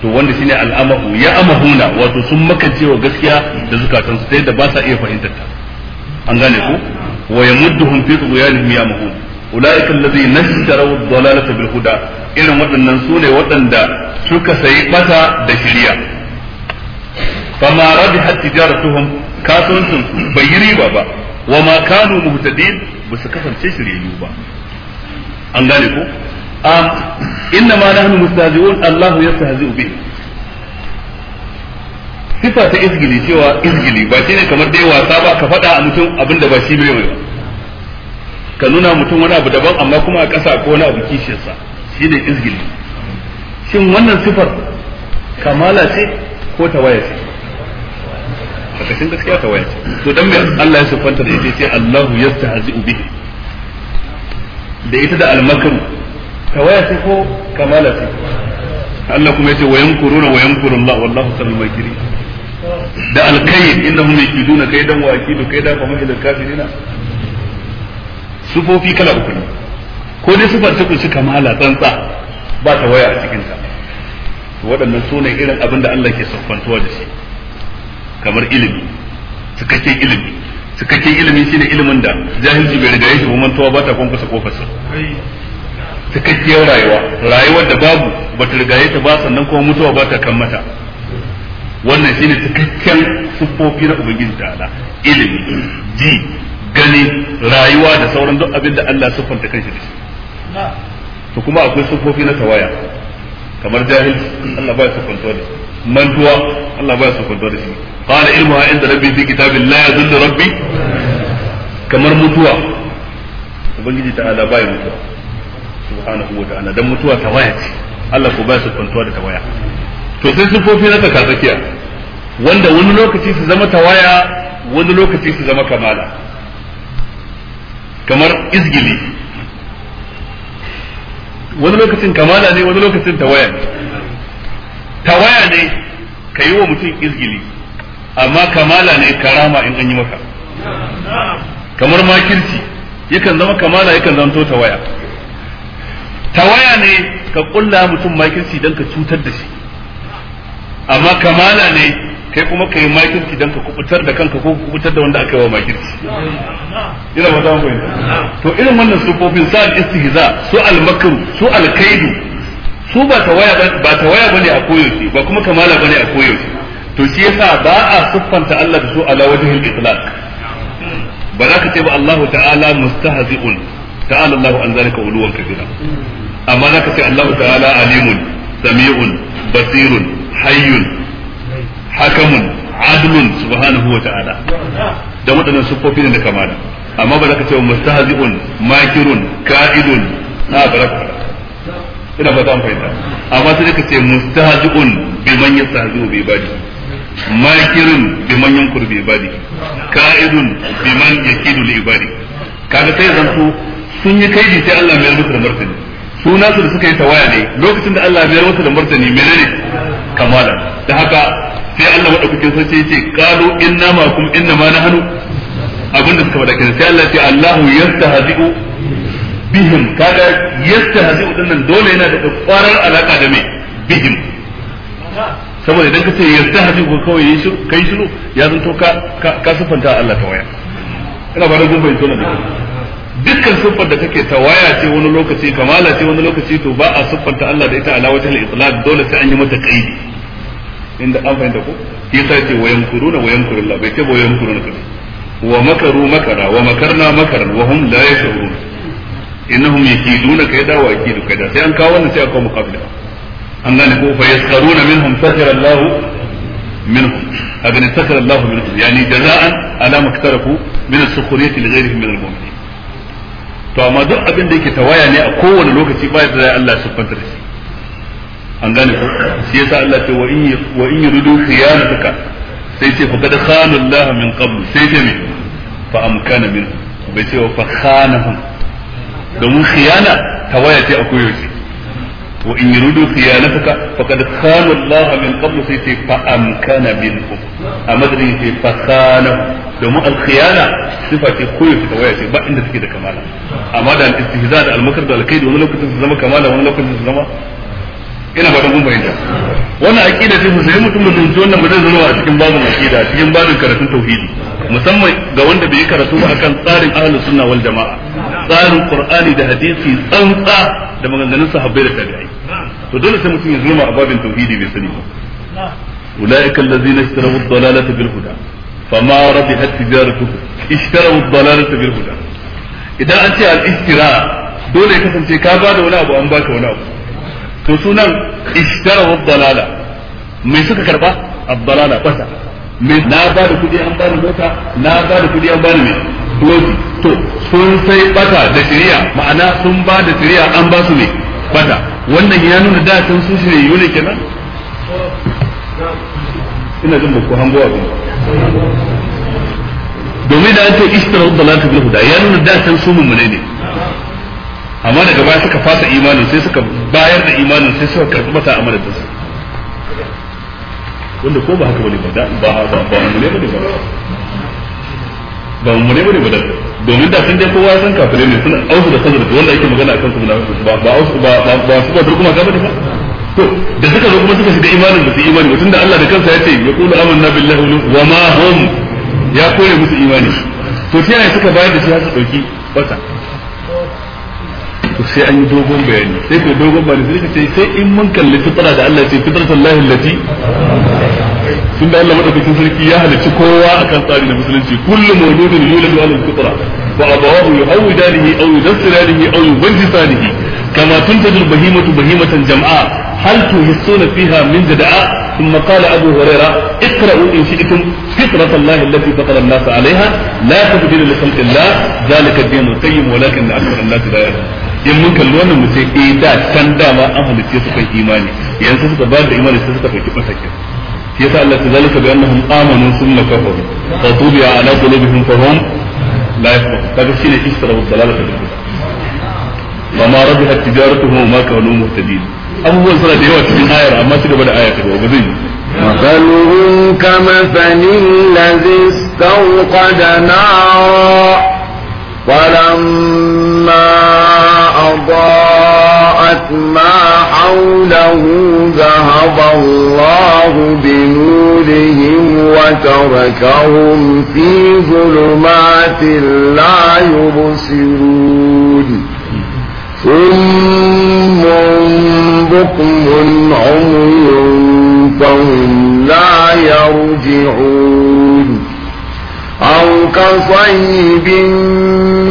to wanda shine al'amahu ya amahuna wato sun makance wa gaskiya da zukatan su da ba sa iya fahimtar ta an gane ku wa yamudduhum fi tughyanihim ya mahun ulaika alladhina ishtaraw ad-dalalata bil huda irin waɗannan su ne waɗanda suka sayi bata da shiriya fama rabihat tijaratuhum kasuwancin bai yi riba ba wa ma kanu muhtadin ba su kasance shiryayyu ba an gane ko ah, inna ma nahnu mustazi'un Allah yastahzi'u bi sifa ta izgili cewa izgili ba shine kamar dai wasa ba ka faɗa a mutum abin da ba shi bai ba ka nuna mutum wani abu daban amma kuma a ƙasa ko wani abu kishiyarsa shine izgili shin wannan sifar kamala ce ko tawaya ce a kashin gaskiya tawaya ce to dan me Allah ya siffanta da ita sai Allahu yastahzi'u bihi da ita da almakar tawaya sai ko kamala sai Allah kuma yace wayan kuruna wayan kurullah wallahu sallu makiri da alkayin kai dan waki da kai da fa mahil kafirina sufofi kala uku ne ko dai sufar ta kunshi kamala tsantsa ba ta waya a cikin ta waɗannan su ne irin abin da Allah ke siffantuwa da shi kamar ilimi cikakken ilimi cikakken ilimi shine ilimin da jahilci bai riga yake mantuwa ba ta kwankwasa kofarsa cikakkiyar rayuwa rayuwar da babu ba ta riga ta ba sannan kuma mutuwa ba ta kan mata wannan shine cikakken siffofi na ubangiji ala. ilimi ji gani rayuwa da sauran duk abin da Allah siffanta kanshi da shi to kuma akwai siffofi na tawaya kamar jahilci Allah ba ya siffanta da shi mantuwa Allah ba su kwanto da shi qala ilmu ha inda rabbi fi kitabin la yadhillu rabbi kamar mutuwa ubangiji ta ba ya mutuwa subhanahu wa ta'ala dan mutuwa tawaya ce Allah ko ba su kwanto da tawaya to sai sifofi na tsaka tsakiya wanda wani lokaci su zama tawaya wani lokaci su zama kamala kamar izgili wani lokacin kamala ne wani lokacin tawaya ne tawaya ne ka yi wa mutum izgili amma kamala ne karama in an yi maka kamar makirci yakan zama kamala yakan zanto tawaya tawaya ne ka kulla mutum makirci don ka cutar da shi amma kamala ne kai kuma ka yi makirci don ka kubutar da kanka ko kubutar da wanda aka yi wa makirci ina ba za mu to irin wannan sufofin sa'ad al-istihza su al-makru su al-kaidu su ba waya ba tawaya bane a koyaushe ba kuma kamala bane a koyaushe to shi yasa ba a siffanta Allah da su ala ba za ka ce ba Allah ta'ala mustahzi'un ta'ala Allah an zalika uluwan kabira amma za ka ce Allah ta'ala alimun sami'un basirun hayyun hakamun adlun subhanahu wa ta'ala da waɗannan siffofi ne da kamala amma ba za ka ce mustahzi'un makirun ka'idun na ba za ka ina ba zan fahimta amma sai ka ce bi man yastahzi'u bi badi makirun man yankur bi badi ka'idun man yakidu li badi kaga sai zanto sun yi kaidi sai Allah mai rubuta da martani su nasu da suka yi tawaya ne lokacin da Allah mai rubuta da martani menene kamala da haka sai Allah madaukakin sarki yace qalu inna ma kum inna ma nahnu abinda suka faɗa kin sai Allah ya ce Allahu yastahzi'u bihim kaga yastahzi'u dinnan dole yana da kwarar alaka da mai bihim saboda idan ka ce yastahzi'u ko kawai kai shiru ya to ka ka sufanta Allah ta waya ina ba da gumbayin to da dukkan sufar da kake waya ce wani lokaci kamala ce wani lokaci to ba a sufanta Allah da ita ala wajhal itlaq dole sai an yi mata qaidi inda an fahimta ko yasa ce wayan kuruna wayan kurulla bai ce wayan kuruna kada wa makaru makara wa makarna makaran wa hum la yashurun innahum yakiduna kaida wa kai da sai an kawo wannan sai a muqabila an gane ko fa yaskaruna minhum sakara Allah minhum agani sakara Allah minhum yani jaza'an ala maktarafu min as-sukhriyati li ghayrihim min al-mu'minin to amma duk abin da yake tawaya ne a kowane lokaci ba da Allah ya siffanta da an gane ko shi yasa Allah ce wa in wa in yuridu khiyanataka sai ce faqad khana Allah min qabl sai ce me fa amkana minhu bai ce fa khanahum domin khiyana tawaya ce a koyaushe wa in yuridu khiyanataka faqad khana Allah min qabl sai ce fa amkana minhum a madadin ce fa khana domin al khiyana sifa ce koyaushe tawaya ce ba inda take da kamala amma da al istihza da al makr da al kaid wani lokacin su zama kamala wani lokacin su zama ina ba fatan kun fahimta wannan aqida ce musulmi mutum mutum wannan ba zai zama a cikin babin aqida cikin babin karatun tauhidi musamman ga wanda bai karatu ba akan tsarin ahlus sunna wal jama'a tsarin qur'ani da hadisi tsantsa da maganganun sahabbai da tabi'ai to dole sai mutum ya zama a babin tauhidi bai sani ba ulaika allazina ishtaraw ad-dalalata bil huda fama rabihat tijaratuhum ishtaraw ad-dalalata bil huda idan an ce al-ishtira dole kasance ka ba da wani abu an baka wani abu to sunan ishtaraw ad me suka karba ad-dalala na ba da kuɗi an bani mota na ba da kuɗi an bani mai doki to sun sai bata da shari'a ma'ana sun ba da shari'a an ba su ne bata wannan ya nuna da sun su shirye yi wani kenan ina jin ba ku hango abin domin da an ce istirahud dalatu bil huda ya nuna da sun su mummune ne amma daga baya suka fasa imanin sai suka bayar da imanin sai suka karɓi mata amanar da su wanda ko ba haka bane ba ba ba ba mu ne bane ba ba mu ne bane ba domin da sun dai kowa san kafire ne suna ausu da sadar wanda ake magana akan su ba ba ausu ba ba ba su ba durkuma ka bane ba to da suka zo kuma suka shiga imanin da su imani mutum da Allah da kansa ya ce ya qulu amanna billahi wa ma hum ya kore musu imani to ta yaya suka bayar da shi har dauki wata to sai an yi dogon bayani sai ko dogon bayani sai ka ce sai in mun kalli fitra da Allah ce fitratullahi lati tun da Allah madaukakin sarki ya halicci kowa akan tsari na musulunci kullu mawludin yuladu ala al-fitra wa abawahu yu'awidanihi aw yudassiranihi aw yubajjisanihi kama tuntadul bahimatu bahimatan jam'a hal tuhissuna fiha min jada'a ثم قال أبو هريرة اقرأوا إن شئتم فطرة الله التي فطر الناس عليها لا تبديل لخلق الله ذلك الدين القيم ولكن أكثر الناس لا يعلمون in mun kalli wannan mutum eh da can dama an halicce su kan imani yanzu suka ba imani sai suka fahimci fasakin yasa Allah ta zalika bi annahum amanu thumma kafaru fa tubiya ala qulubihim fa hum la yafqahun kaga shine istirab dalalata bil huda wa ma rabihat tijaratuhum ma kanu muhtadin abubuwan suna da yawa cikin ayar amma ci gaba da zai مثلهم كمثل الذي استوقد نارا فلما أضاء وأضاعت ما حوله ذهب الله بنورهم وتركهم في ظلمات لا يبصرون ثم بكم عمي فهم لا يرجعون أو كصيب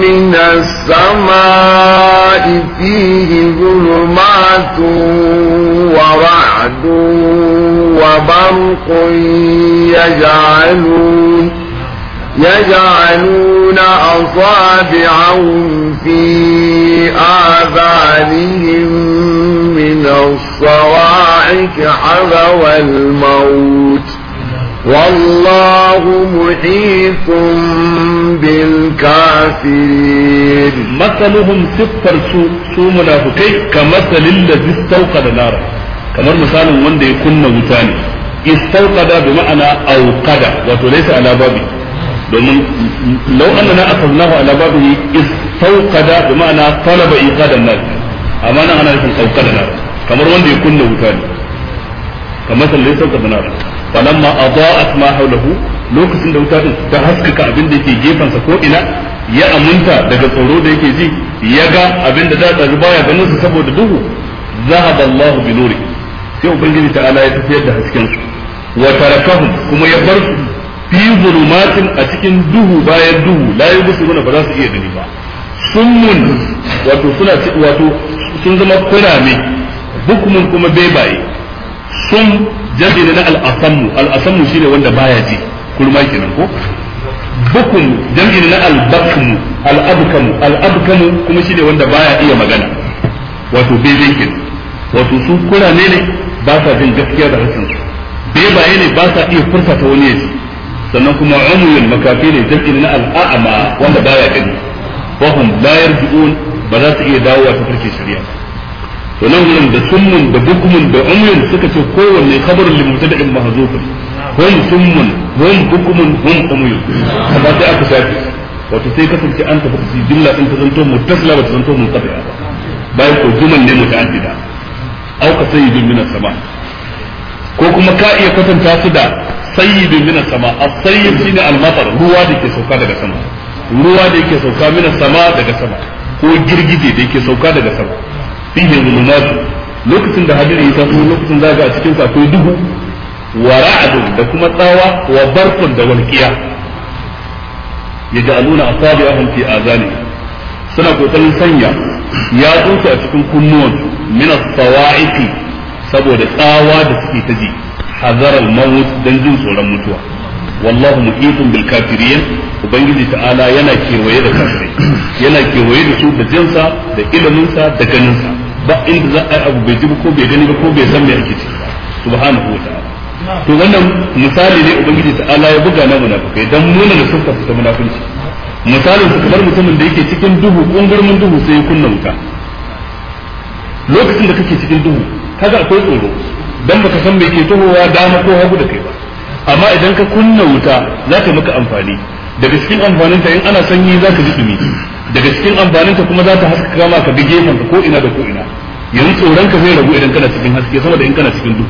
من السماء فيه ظلمات ورعد وبرق يجعلون يجعلون أصابعهم في آذانهم من الصواعق حذو الموت والله محيط بالكافرين مثلهم سفر سوء منافقين كمثل الذي استوقد نارا kamar misalin wanda ya kunna wuta ne istauqada bi ma'ana auqada wato laysa ala babi domin nafa annana akhadnahu ala babi da bi ma'ana talaba iqadan nar amma nan ana nufin da nar kamar wanda ya kunna wuta ne kamar laysa da nar falamma adaa'at ma hawlahu lokacin da wuta ta haskaka abinda da yake gefansa ko ina ya aminta daga tsoro da yake ji ya ga abin da da tsari baya ganin sa saboda duhu zahaba Allah bi nuri sai ubangiji ta'ala ya tafiyar da hasken su wa tarakahum kuma ya bar su fi zulumatin a cikin duhu bayan duhu la yubsiruna ba za su iya gani ba summun wato suna wato sun zama kurame bukmun kuma bebaye sun jami ne na al'asammu al'asammu shi ne wanda baya ji kurma kenan ko bukun jami ne na albakmu al'abkamu al'abkamu kuma shine ne wanda baya iya magana wato bebe kenan wato su kura ne ne ba sa jin gaskiya da harshen su bebaye ne ba sa iya furta ta wani yaji sannan kuma umuyul makafi ne jami ne na al'a'ama wanda baya gani wahum la yarji'un ba za su iya dawo ta farke shari'a to nan gurin da summun da bukmun da umyun suka ce kowanne khabarun lil mubtada'in mahzufun hum summun hum bukmun hum umyun amma sai aka shafi wato sai kasance an tafi su jumla din ta zanto muttasila ba ta zanto munqati'a ba bayan ko jumal ne muta'addida aw ka sayyidun min sama ko kuma ka iya kwatanta su da sayyidun min sama as-sayyid shine al-matar ruwa da ke sauka daga sama ruwa da yake sauka min sama daga sama ko girgije da yake sauka daga sama fihi zulumat lokacin da hadiri ya taso lokacin zaga a cikin akwai duhu wa da kuma tsawa wa barkun da walqiya yaj'aluna asabi'ahum fi azani suna kokarin sanya ya tsunsu a cikin kunnuwan min as-sawa'iqi saboda tsawa da suke ta ji hazar al-maut dan jin tsoron mutuwa wallahu muhitun bil kafirin ubangiji ta'ala yana kewaye da kafirai yana kewaye da su da jinsa da iliminsa da ganinsa ba inda za a yi abu bai ji ko bai gani ba ko bai san me ake ciki subhanahu wa ta'ala to wannan misali ne ubangiji ta ala ya buga na munafikai dan nuna da suka ta munafiki misalin su kamar mutumin da yake cikin duhu kungurmin duhu sai ya kunna wuta lokacin da kake cikin duhu kaga akwai tsoro dan baka san me ke tohowa dama ko hagu da kai ba amma idan ka kunna wuta za ta maka amfani daga cikin amfaninta in ana sanyi za ka ji dumi daga cikin amfaninta kuma za ta haskaka ma ka bi gefen ko ina da ko ina yanzu tsoron ka zai rabu idan kana cikin haske saboda in kana cikin duhu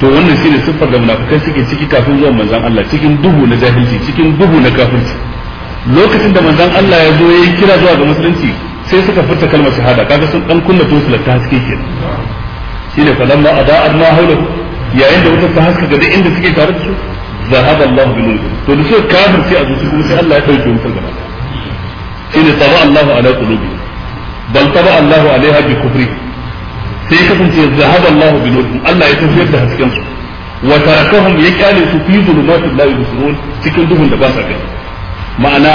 to wannan shine siffar da munafikai suke ciki kafin zuwan manzon Allah cikin duhu na jahilci cikin duhu na kafirci lokacin da manzon Allah ya zo ya yi kira zuwa ga musulunci sai suka furta kalmar shahada kaga sun dan kunna tosular ta haske kenan shine falamma ada ma hawla yayin da wutar ta haska ga duk inda suke tare da su zahaba Allah bi nuru to da suka kafirci a zuci kuma sai Allah ya dauke wutar gaba shine taba Allahu ala qulubihim bal taba Allahu alaiha bi kufri sai kasance zahaba Allah bi nurihim Allah ya tafiyar da hasken su wa tarakahum ya kyale su fi zulumatil la yubsirun cikin duhun da ba sa gani ma'ana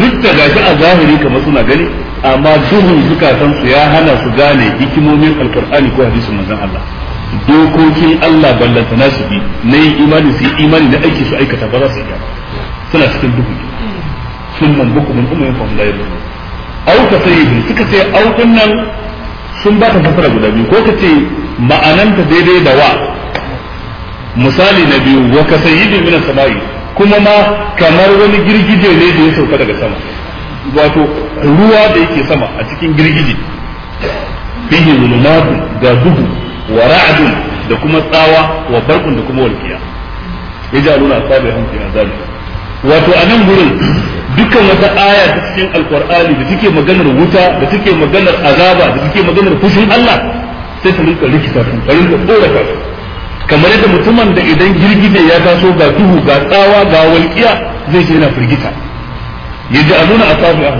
duk da gashi a zahiri kamar suna gani amma duhun zukatan su ya hana su gane hikimomin alqur'ani ko hadisin manzon Allah dokokin Allah ballanta nasu bi na yin imani su yi imani na aiki su aikata ba za su iya suna cikin duhu sun man bukumin umarin la ya Auka tasayyibin suka ce aukun nan sun ba ta fasara guda biyu ko ka ce ma'ananta daidai da wa misali na biyu wa ka kasayyibin minan samai kuma ma kamar wani girgije ne da ya sauka daga sama wato ruwa da yake sama a cikin girgije bihi zulumatu ga duhu wa ra'adun da kuma tsawa wa barkun da kuma walqiya yajaluna asabihum fi azabi wato anan gurin dukkan wata aya ta cikin alkur'ani da take maganar wuta da take maganar azaba da take maganar fushin Allah sai ta rinka rikita su ta rinka tsorata su kamar yadda mutumin da idan girgije ya taso ga duhu ga tsawa ga walƙiya zai ce yana firgita ya ji azuna a tsafi a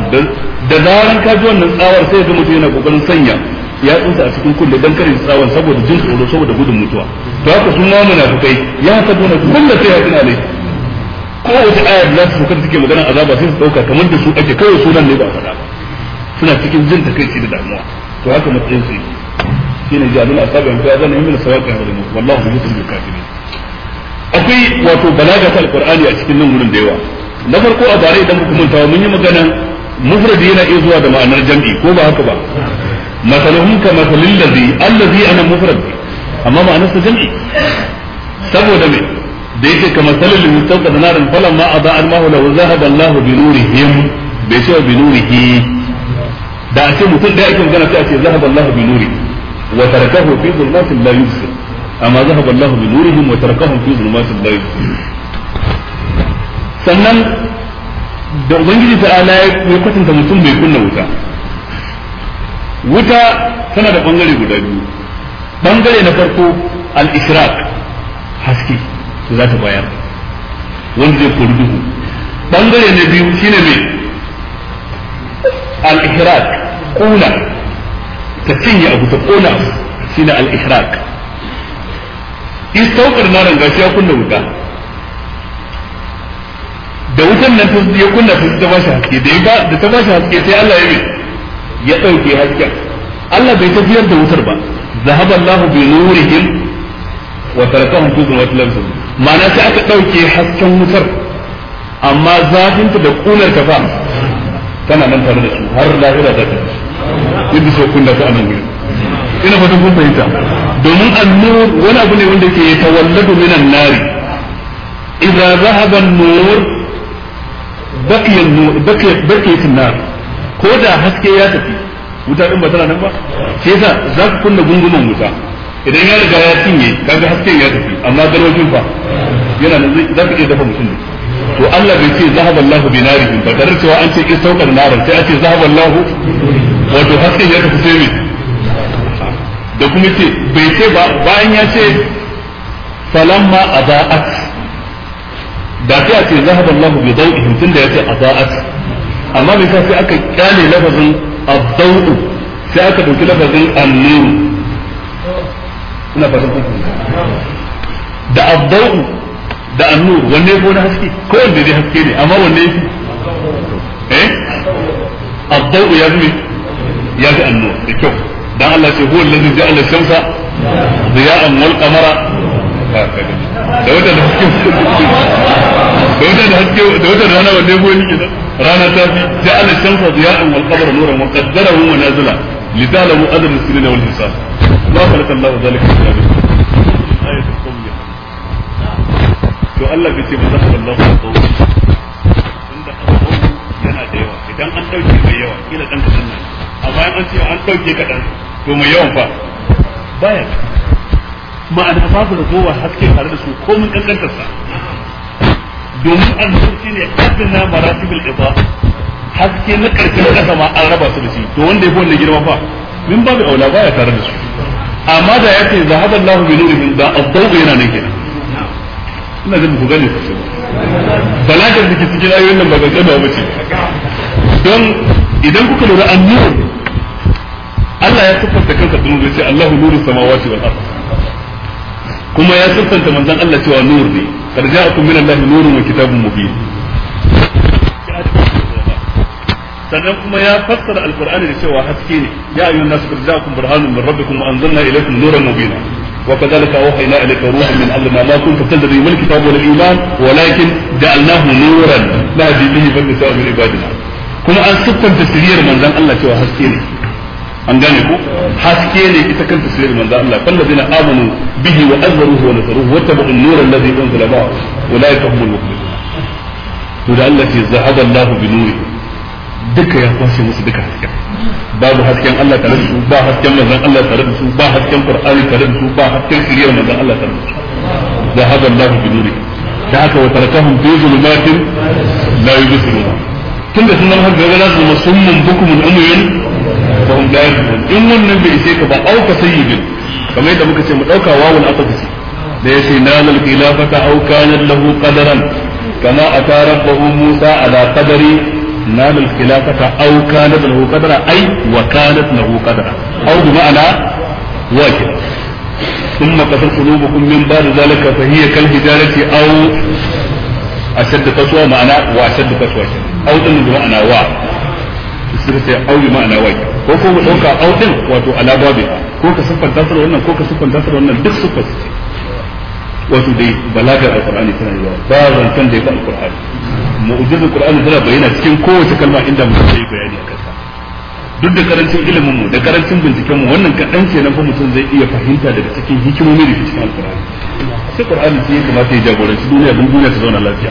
da zaran ka ji wannan tsawar sai zama mutum yana kokarin sanya ya tsunsa a cikin kulle dan karin tsawon saboda jin tsoro saboda gudun mutuwa to haka sun ma munafikai ya haka dole kullum sai ya tuna alai ko wata ayar da su kan suke magana azaba sai su dauka kamar da su ake kawai sunan ne ba a faɗa ba suna cikin jin takaici da damuwa to haka matsayin su yake shine jami'in asabi an kaza ne min sawaqi hadu wallahu yusbil kafirin akwai wato balaga ta alqur'ani a cikin nan wurin da yawa na farko a bare idan muka manta mun yi magana mufradi yana iya zuwa da ma'anar jam'i ko ba haka ba masalahum ka masalil ladhi allazi ana mufrad amma ma'anar sa jam'i saboda me da yake kamar salil mustaqad narin falan ma ada an mahu la zahaba Allah bi nurihim bai ce bi nurihi da a ce mutum da yake magana sai a ce zahaba Allah bi nurihi wa tarakahu fi dhulumatin la yusir amma zahaba Allah bi nurihim wa tarakahu fi dhulumatin la yusir sannan da ubangiji ta'ala ya kwatanta mutum bai kunna wuta wuta tana da bangare guda biyu bangare na farko al israq haske to za ta bayar wanda zai kori duhu bangare na biyu shine mai al-ihraq kula ta cinye abu ta kula shine al-ihraq istaukar ranga gashi ya kunna wuta da wutan nan ta ya kunna ta ta bashi haske da ya da ta bashi haske sai Allah ya yi ya dauke hasken Allah bai tafiyar da wutar ba zahaballahu bi nurihim wa tarakahum fi wata la ma'ana sai aka ɗauke hasken wutar amma zafinta da ƙunar ta fa tana nan tare da su har lahira za ta yadda ina fatan kun fahimta domin annur wani abu ne wanda ke tawalladu minan nari idza zahaba an-nur baqiya an-nur baqiya baqiya an-nar ko da haske ya tafi wuta din ba tana nan ba sai yasa za ku kunna gungumen wuta idan ya riga ya cinye kaga hasken ya tafi amma garwajin fa yana nan za iya dafa mutum to Allah bai ce zahaba Allah bi narihim ba tare cewa an ce saukar narin sai a ce zahaba Allah wato hasken ya tafi sai da kuma ce bai ce ba bayan ya ce falamma adaat da sai a ce zahaba Allah bi dawihim tunda ya ce adaat amma bai sai aka kyale lafazin adawdu sai aka dauki lafazin annur ina fatan kun da abdau da annur wanne ko na haske ko wanne dai haske ne amma wanne yake eh abdau ya zume ya ga annur da kyau dan Allah ce huwa allazi ja'ala shamsa diya'an wal qamara da wata da haske da wata da haske da wata rana wanne ko yake rana ta fi ja'ala shamsa diya'an wal qamara nuran wa qaddarahu manazila لتعلموا أدب السنين والحساب ma khalaqa Allah zalika illa bi ayatul qawmi to Allah bai ce ba za idan an mai yawa kila ne amma an ce an to mai yawan fa baya ma'ana babu haske tare da su sa domin maratibul haske na ma an raba su da shi to wanda ya fi wannan girma fa min babu aula baya tare da su amma da ya ce zahaba Allahu bi nurihim da ad-dawb yana nan kenan ina da ku gane ku balagar da ke cikin ayoyin nan ba ga gaba ba ce don idan kuka lura an nuru Allah ya siffanta kansa da nuru ce Allahu nuru samawati wal ard kuma ya siffanta manzon Allah cewa nur ne karja'akum min Allah nurun wa kitabun mubin sannan kuma ya fassara alqur'ani da cewa haske ne ya ayyu nas qad ja'akum burhanun min rabbikum wa anzalna ilaykum nuran mubina kadhalika أوحينا إليك روحا من أمرنا ما كنت تدري ما الكتاب ولا الإيمان ولكن جعلناه نورا نهدي به من نشاء من ibadina kuma an sukkan siriyar manzan Allah cewa haske ne an gane ko haske ne ita kan siriyar manzan Allah kan ladina amanu bihi wa azruhu wa nasaruhu wa tabu an-nur alladhi unzila ma ulaika humul muflihun to da Allah ce zahaba Allah bi nuri duka ya kwashe musu duka hasken babu hasken Allah tare da su ba hasken manzon Allah tare da su ba hasken Qur'ani tare da su ba hasken shiriyar manzon Allah tare da su da hada Allah bi nuri da haka wa tarakahum fi zulumatin la yubsiruna tunda sun nan har ga za su musummun bukumun umuyun fa hum la yubsirun in wannan bai sai ka ba auka sayyidin kamar yadda muka ce mu dauka wawul aqdasi da yace nanal khilafata au kana lahu qadaran kama ata rabbahu musa ala qadari نال الخلافة أو كانت له قدرة أي وكانت له قدرة أو بمعنى واجب ثم قتل قلوبكم من بعد ذلك فهي كالحجارة أو أشد قسوة معنى وأشد قسوة أو تنم بمعنى وا أو بمعنى واجب ko ko mu ɗauka au ɗin wato ala babi ko ka siffanta su da wannan ko ka siffanta su da wannan duk siffanta su wato dai balagar alqur'ani tana yi ba zancen da ya fi alqur'ani mu'jizar qur'ani tana bayyana cikin kowace kalma inda mutum yi bayani a kansa duk da karancin ilimin mu da karancin binciken mu wannan kadan kenan fa mutum zai iya fahimta daga cikin hikimomi da cikin alqur'ani sai qur'ani shi ya kamata ya jagoranci duniya don duniya ta zauna lafiya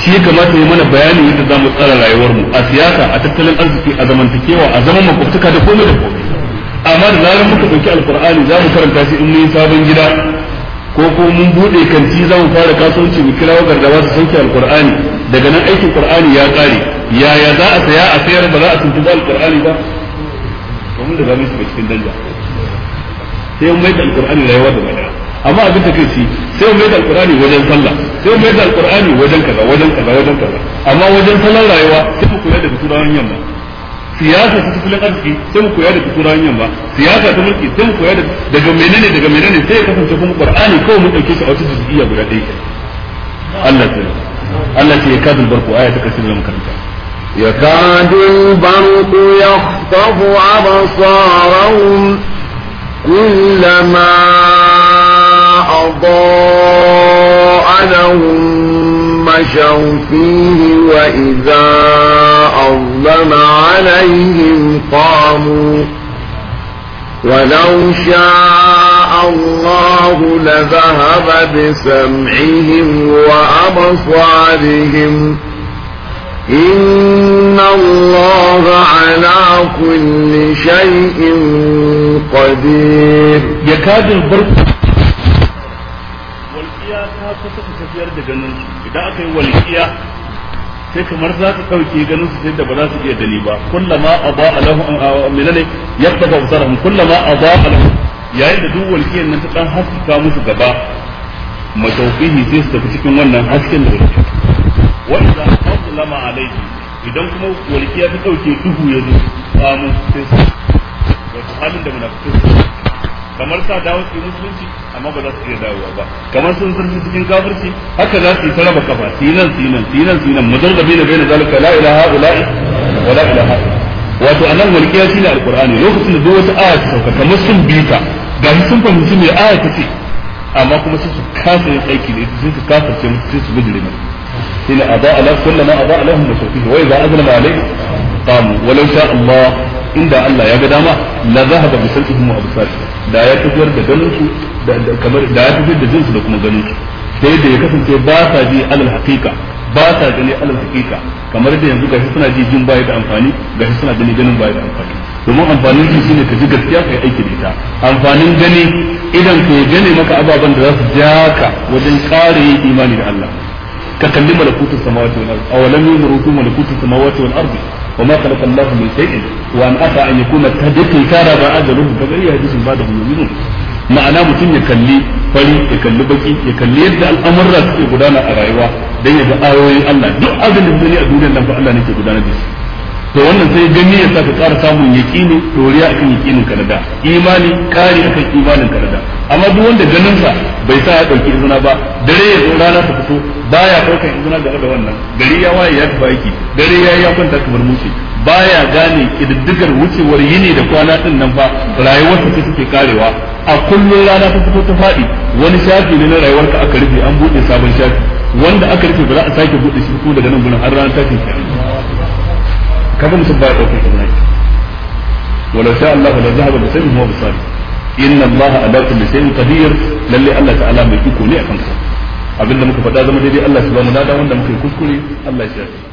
shi ya kamata ya mana bayani yadda zamu tsara rayuwar mu a siyasa a tattalin arziki a zamantakewa a zaman makwabtaka da komai da komai amma da zarar muka dauki alqur'ani za mu karanta shi in mun sabon gida ko ko mun bude kanti za mu fara kasuwanci mu kira wa gardawa su sauke alqur'ani daga nan aikin qur'ani ya kare yaya za a saya a sayar ba za a tuntuba alqur'ani ba domin da zamu shiga cikin danja sai mun mai da alqur'ani rayuwa da bada amma abin da kai shi sai mun mai da alqur'ani wajen sallah sai mun mai da alqur'ani wajen kaza wajen kaza wajen kaza amma wajen sallar rayuwa sai mu kula da turawan yamma siyasa ta tattalin arziki sai mu koya da tura hanyar ba siyasa ta mulki sai mu koya daga menene daga menene sai ya kasance kuma qur'ani kawai mu dauke shi a wata jizbiya guda ɗaya Allah ta Allah ta yakadul barku aya ta kasin da makaranta يكاد البرق يخطف أبصارهم كلما أضاء لهم مشوا فيه وإذا أظلم عليهم قاموا ولو شاء الله لذهب بسمعهم وأبصارهم إن الله على كل شيء قدير يكاد والقياس والقيادة تتفكر بجنون idan aka yi walƙiya sai kamar za ta ɗauke ganin su sai da ba za su iya dani ba kullama aba alahu minane yadda ba mu kullama aba alahu yayin da duk walƙiyan nan ta dan haskaka musu gaba mataufihi sai su tafi cikin wannan hasken da wani wanda a alaihi idan kuma walƙiya ta ɗauke duhu ya zo kamu sai su wato halin da munafikai kamar sa dawo su musulunci amma ba za su iya dawowa ba kamar sun zurfi cikin kafirci haka za su yi ta raba kafa sinan sinan sinan su yi nan su mudar da bayyana bayyana zalika la ilaha ula'i wa la ilaha wato anan walƙiya shine alqur'ani lokacin da duk wata aya ta sauka kamar sun bita ga sun fahimci me aya ta ce amma kuma sai su kasa yin aiki ne sai su kafirce musu sai su bijire mai shine ada ala kullama ada lahum mashaqi wa idza azlama alayhi qamu walau sha Allah inda Allah ya ga dama la zahaba bi sarqihim wa absarihim da ya tafiyar da ganin su da kamar da ya tafiyar da jinsu da kuma ganin su sai da ya kasance ba sa ji alal haqiqa ba sa gani alal haqiqa kamar da yanzu gashi suna ji jin bai da amfani gashi suna gani ganin bai da amfani domin amfanin ji shine ka ji gaskiya kai aiki da ita amfanin gani idan ka gane maka ababen da za su ja ka wajen kare imani da Allah ka kalli malakutus samawati wal ardi awalam yumru malakutus samawati wal ardi وما خلق الله من شيء وان اتى ان يكون كدكي كارا با اجله فبأي حديث بعده يؤمنون ma'ana mutum ya kalli fari ya kalli baki ya kalli yadda al'amurra suke gudana a rayuwa dan ya ga ayoyin Allah duk abin da zai a duniyar nan fa Allah nake gudanar da shi to wannan sai gani ya saka ƙara samun yaƙini doriya akan yaƙinin ka da imani kare akan imanin ka da amma duk wanda ganin sa bai sa ya dauki izina ba dare ya zo rana ta fito baya ɗaukar izina game da wannan gari ya waye ya tafi aiki dare ya ya kwanta kamar mushe baya gane kididdigar wucewar yini da kwana din nan ba rayuwar ta take karewa a kullum rana ta fito ta faɗi wani shafi ne na ka aka rufe an buɗe sabon shafi wanda aka rufe ba za a sake buɗe shi ko daga nan gurin har rana ta kiyama kada mutum baya ɗaukar kamar yake wala sha Allah la zahaba bi sayyidin huwa bisali inna Allah ala kulli shay'in qadir lalle Allah ta'ala mai iko ne akan ka abinda muka faɗa zama daidai Allah subhanahu na ta'ala wanda muka yi kuskure Allah ya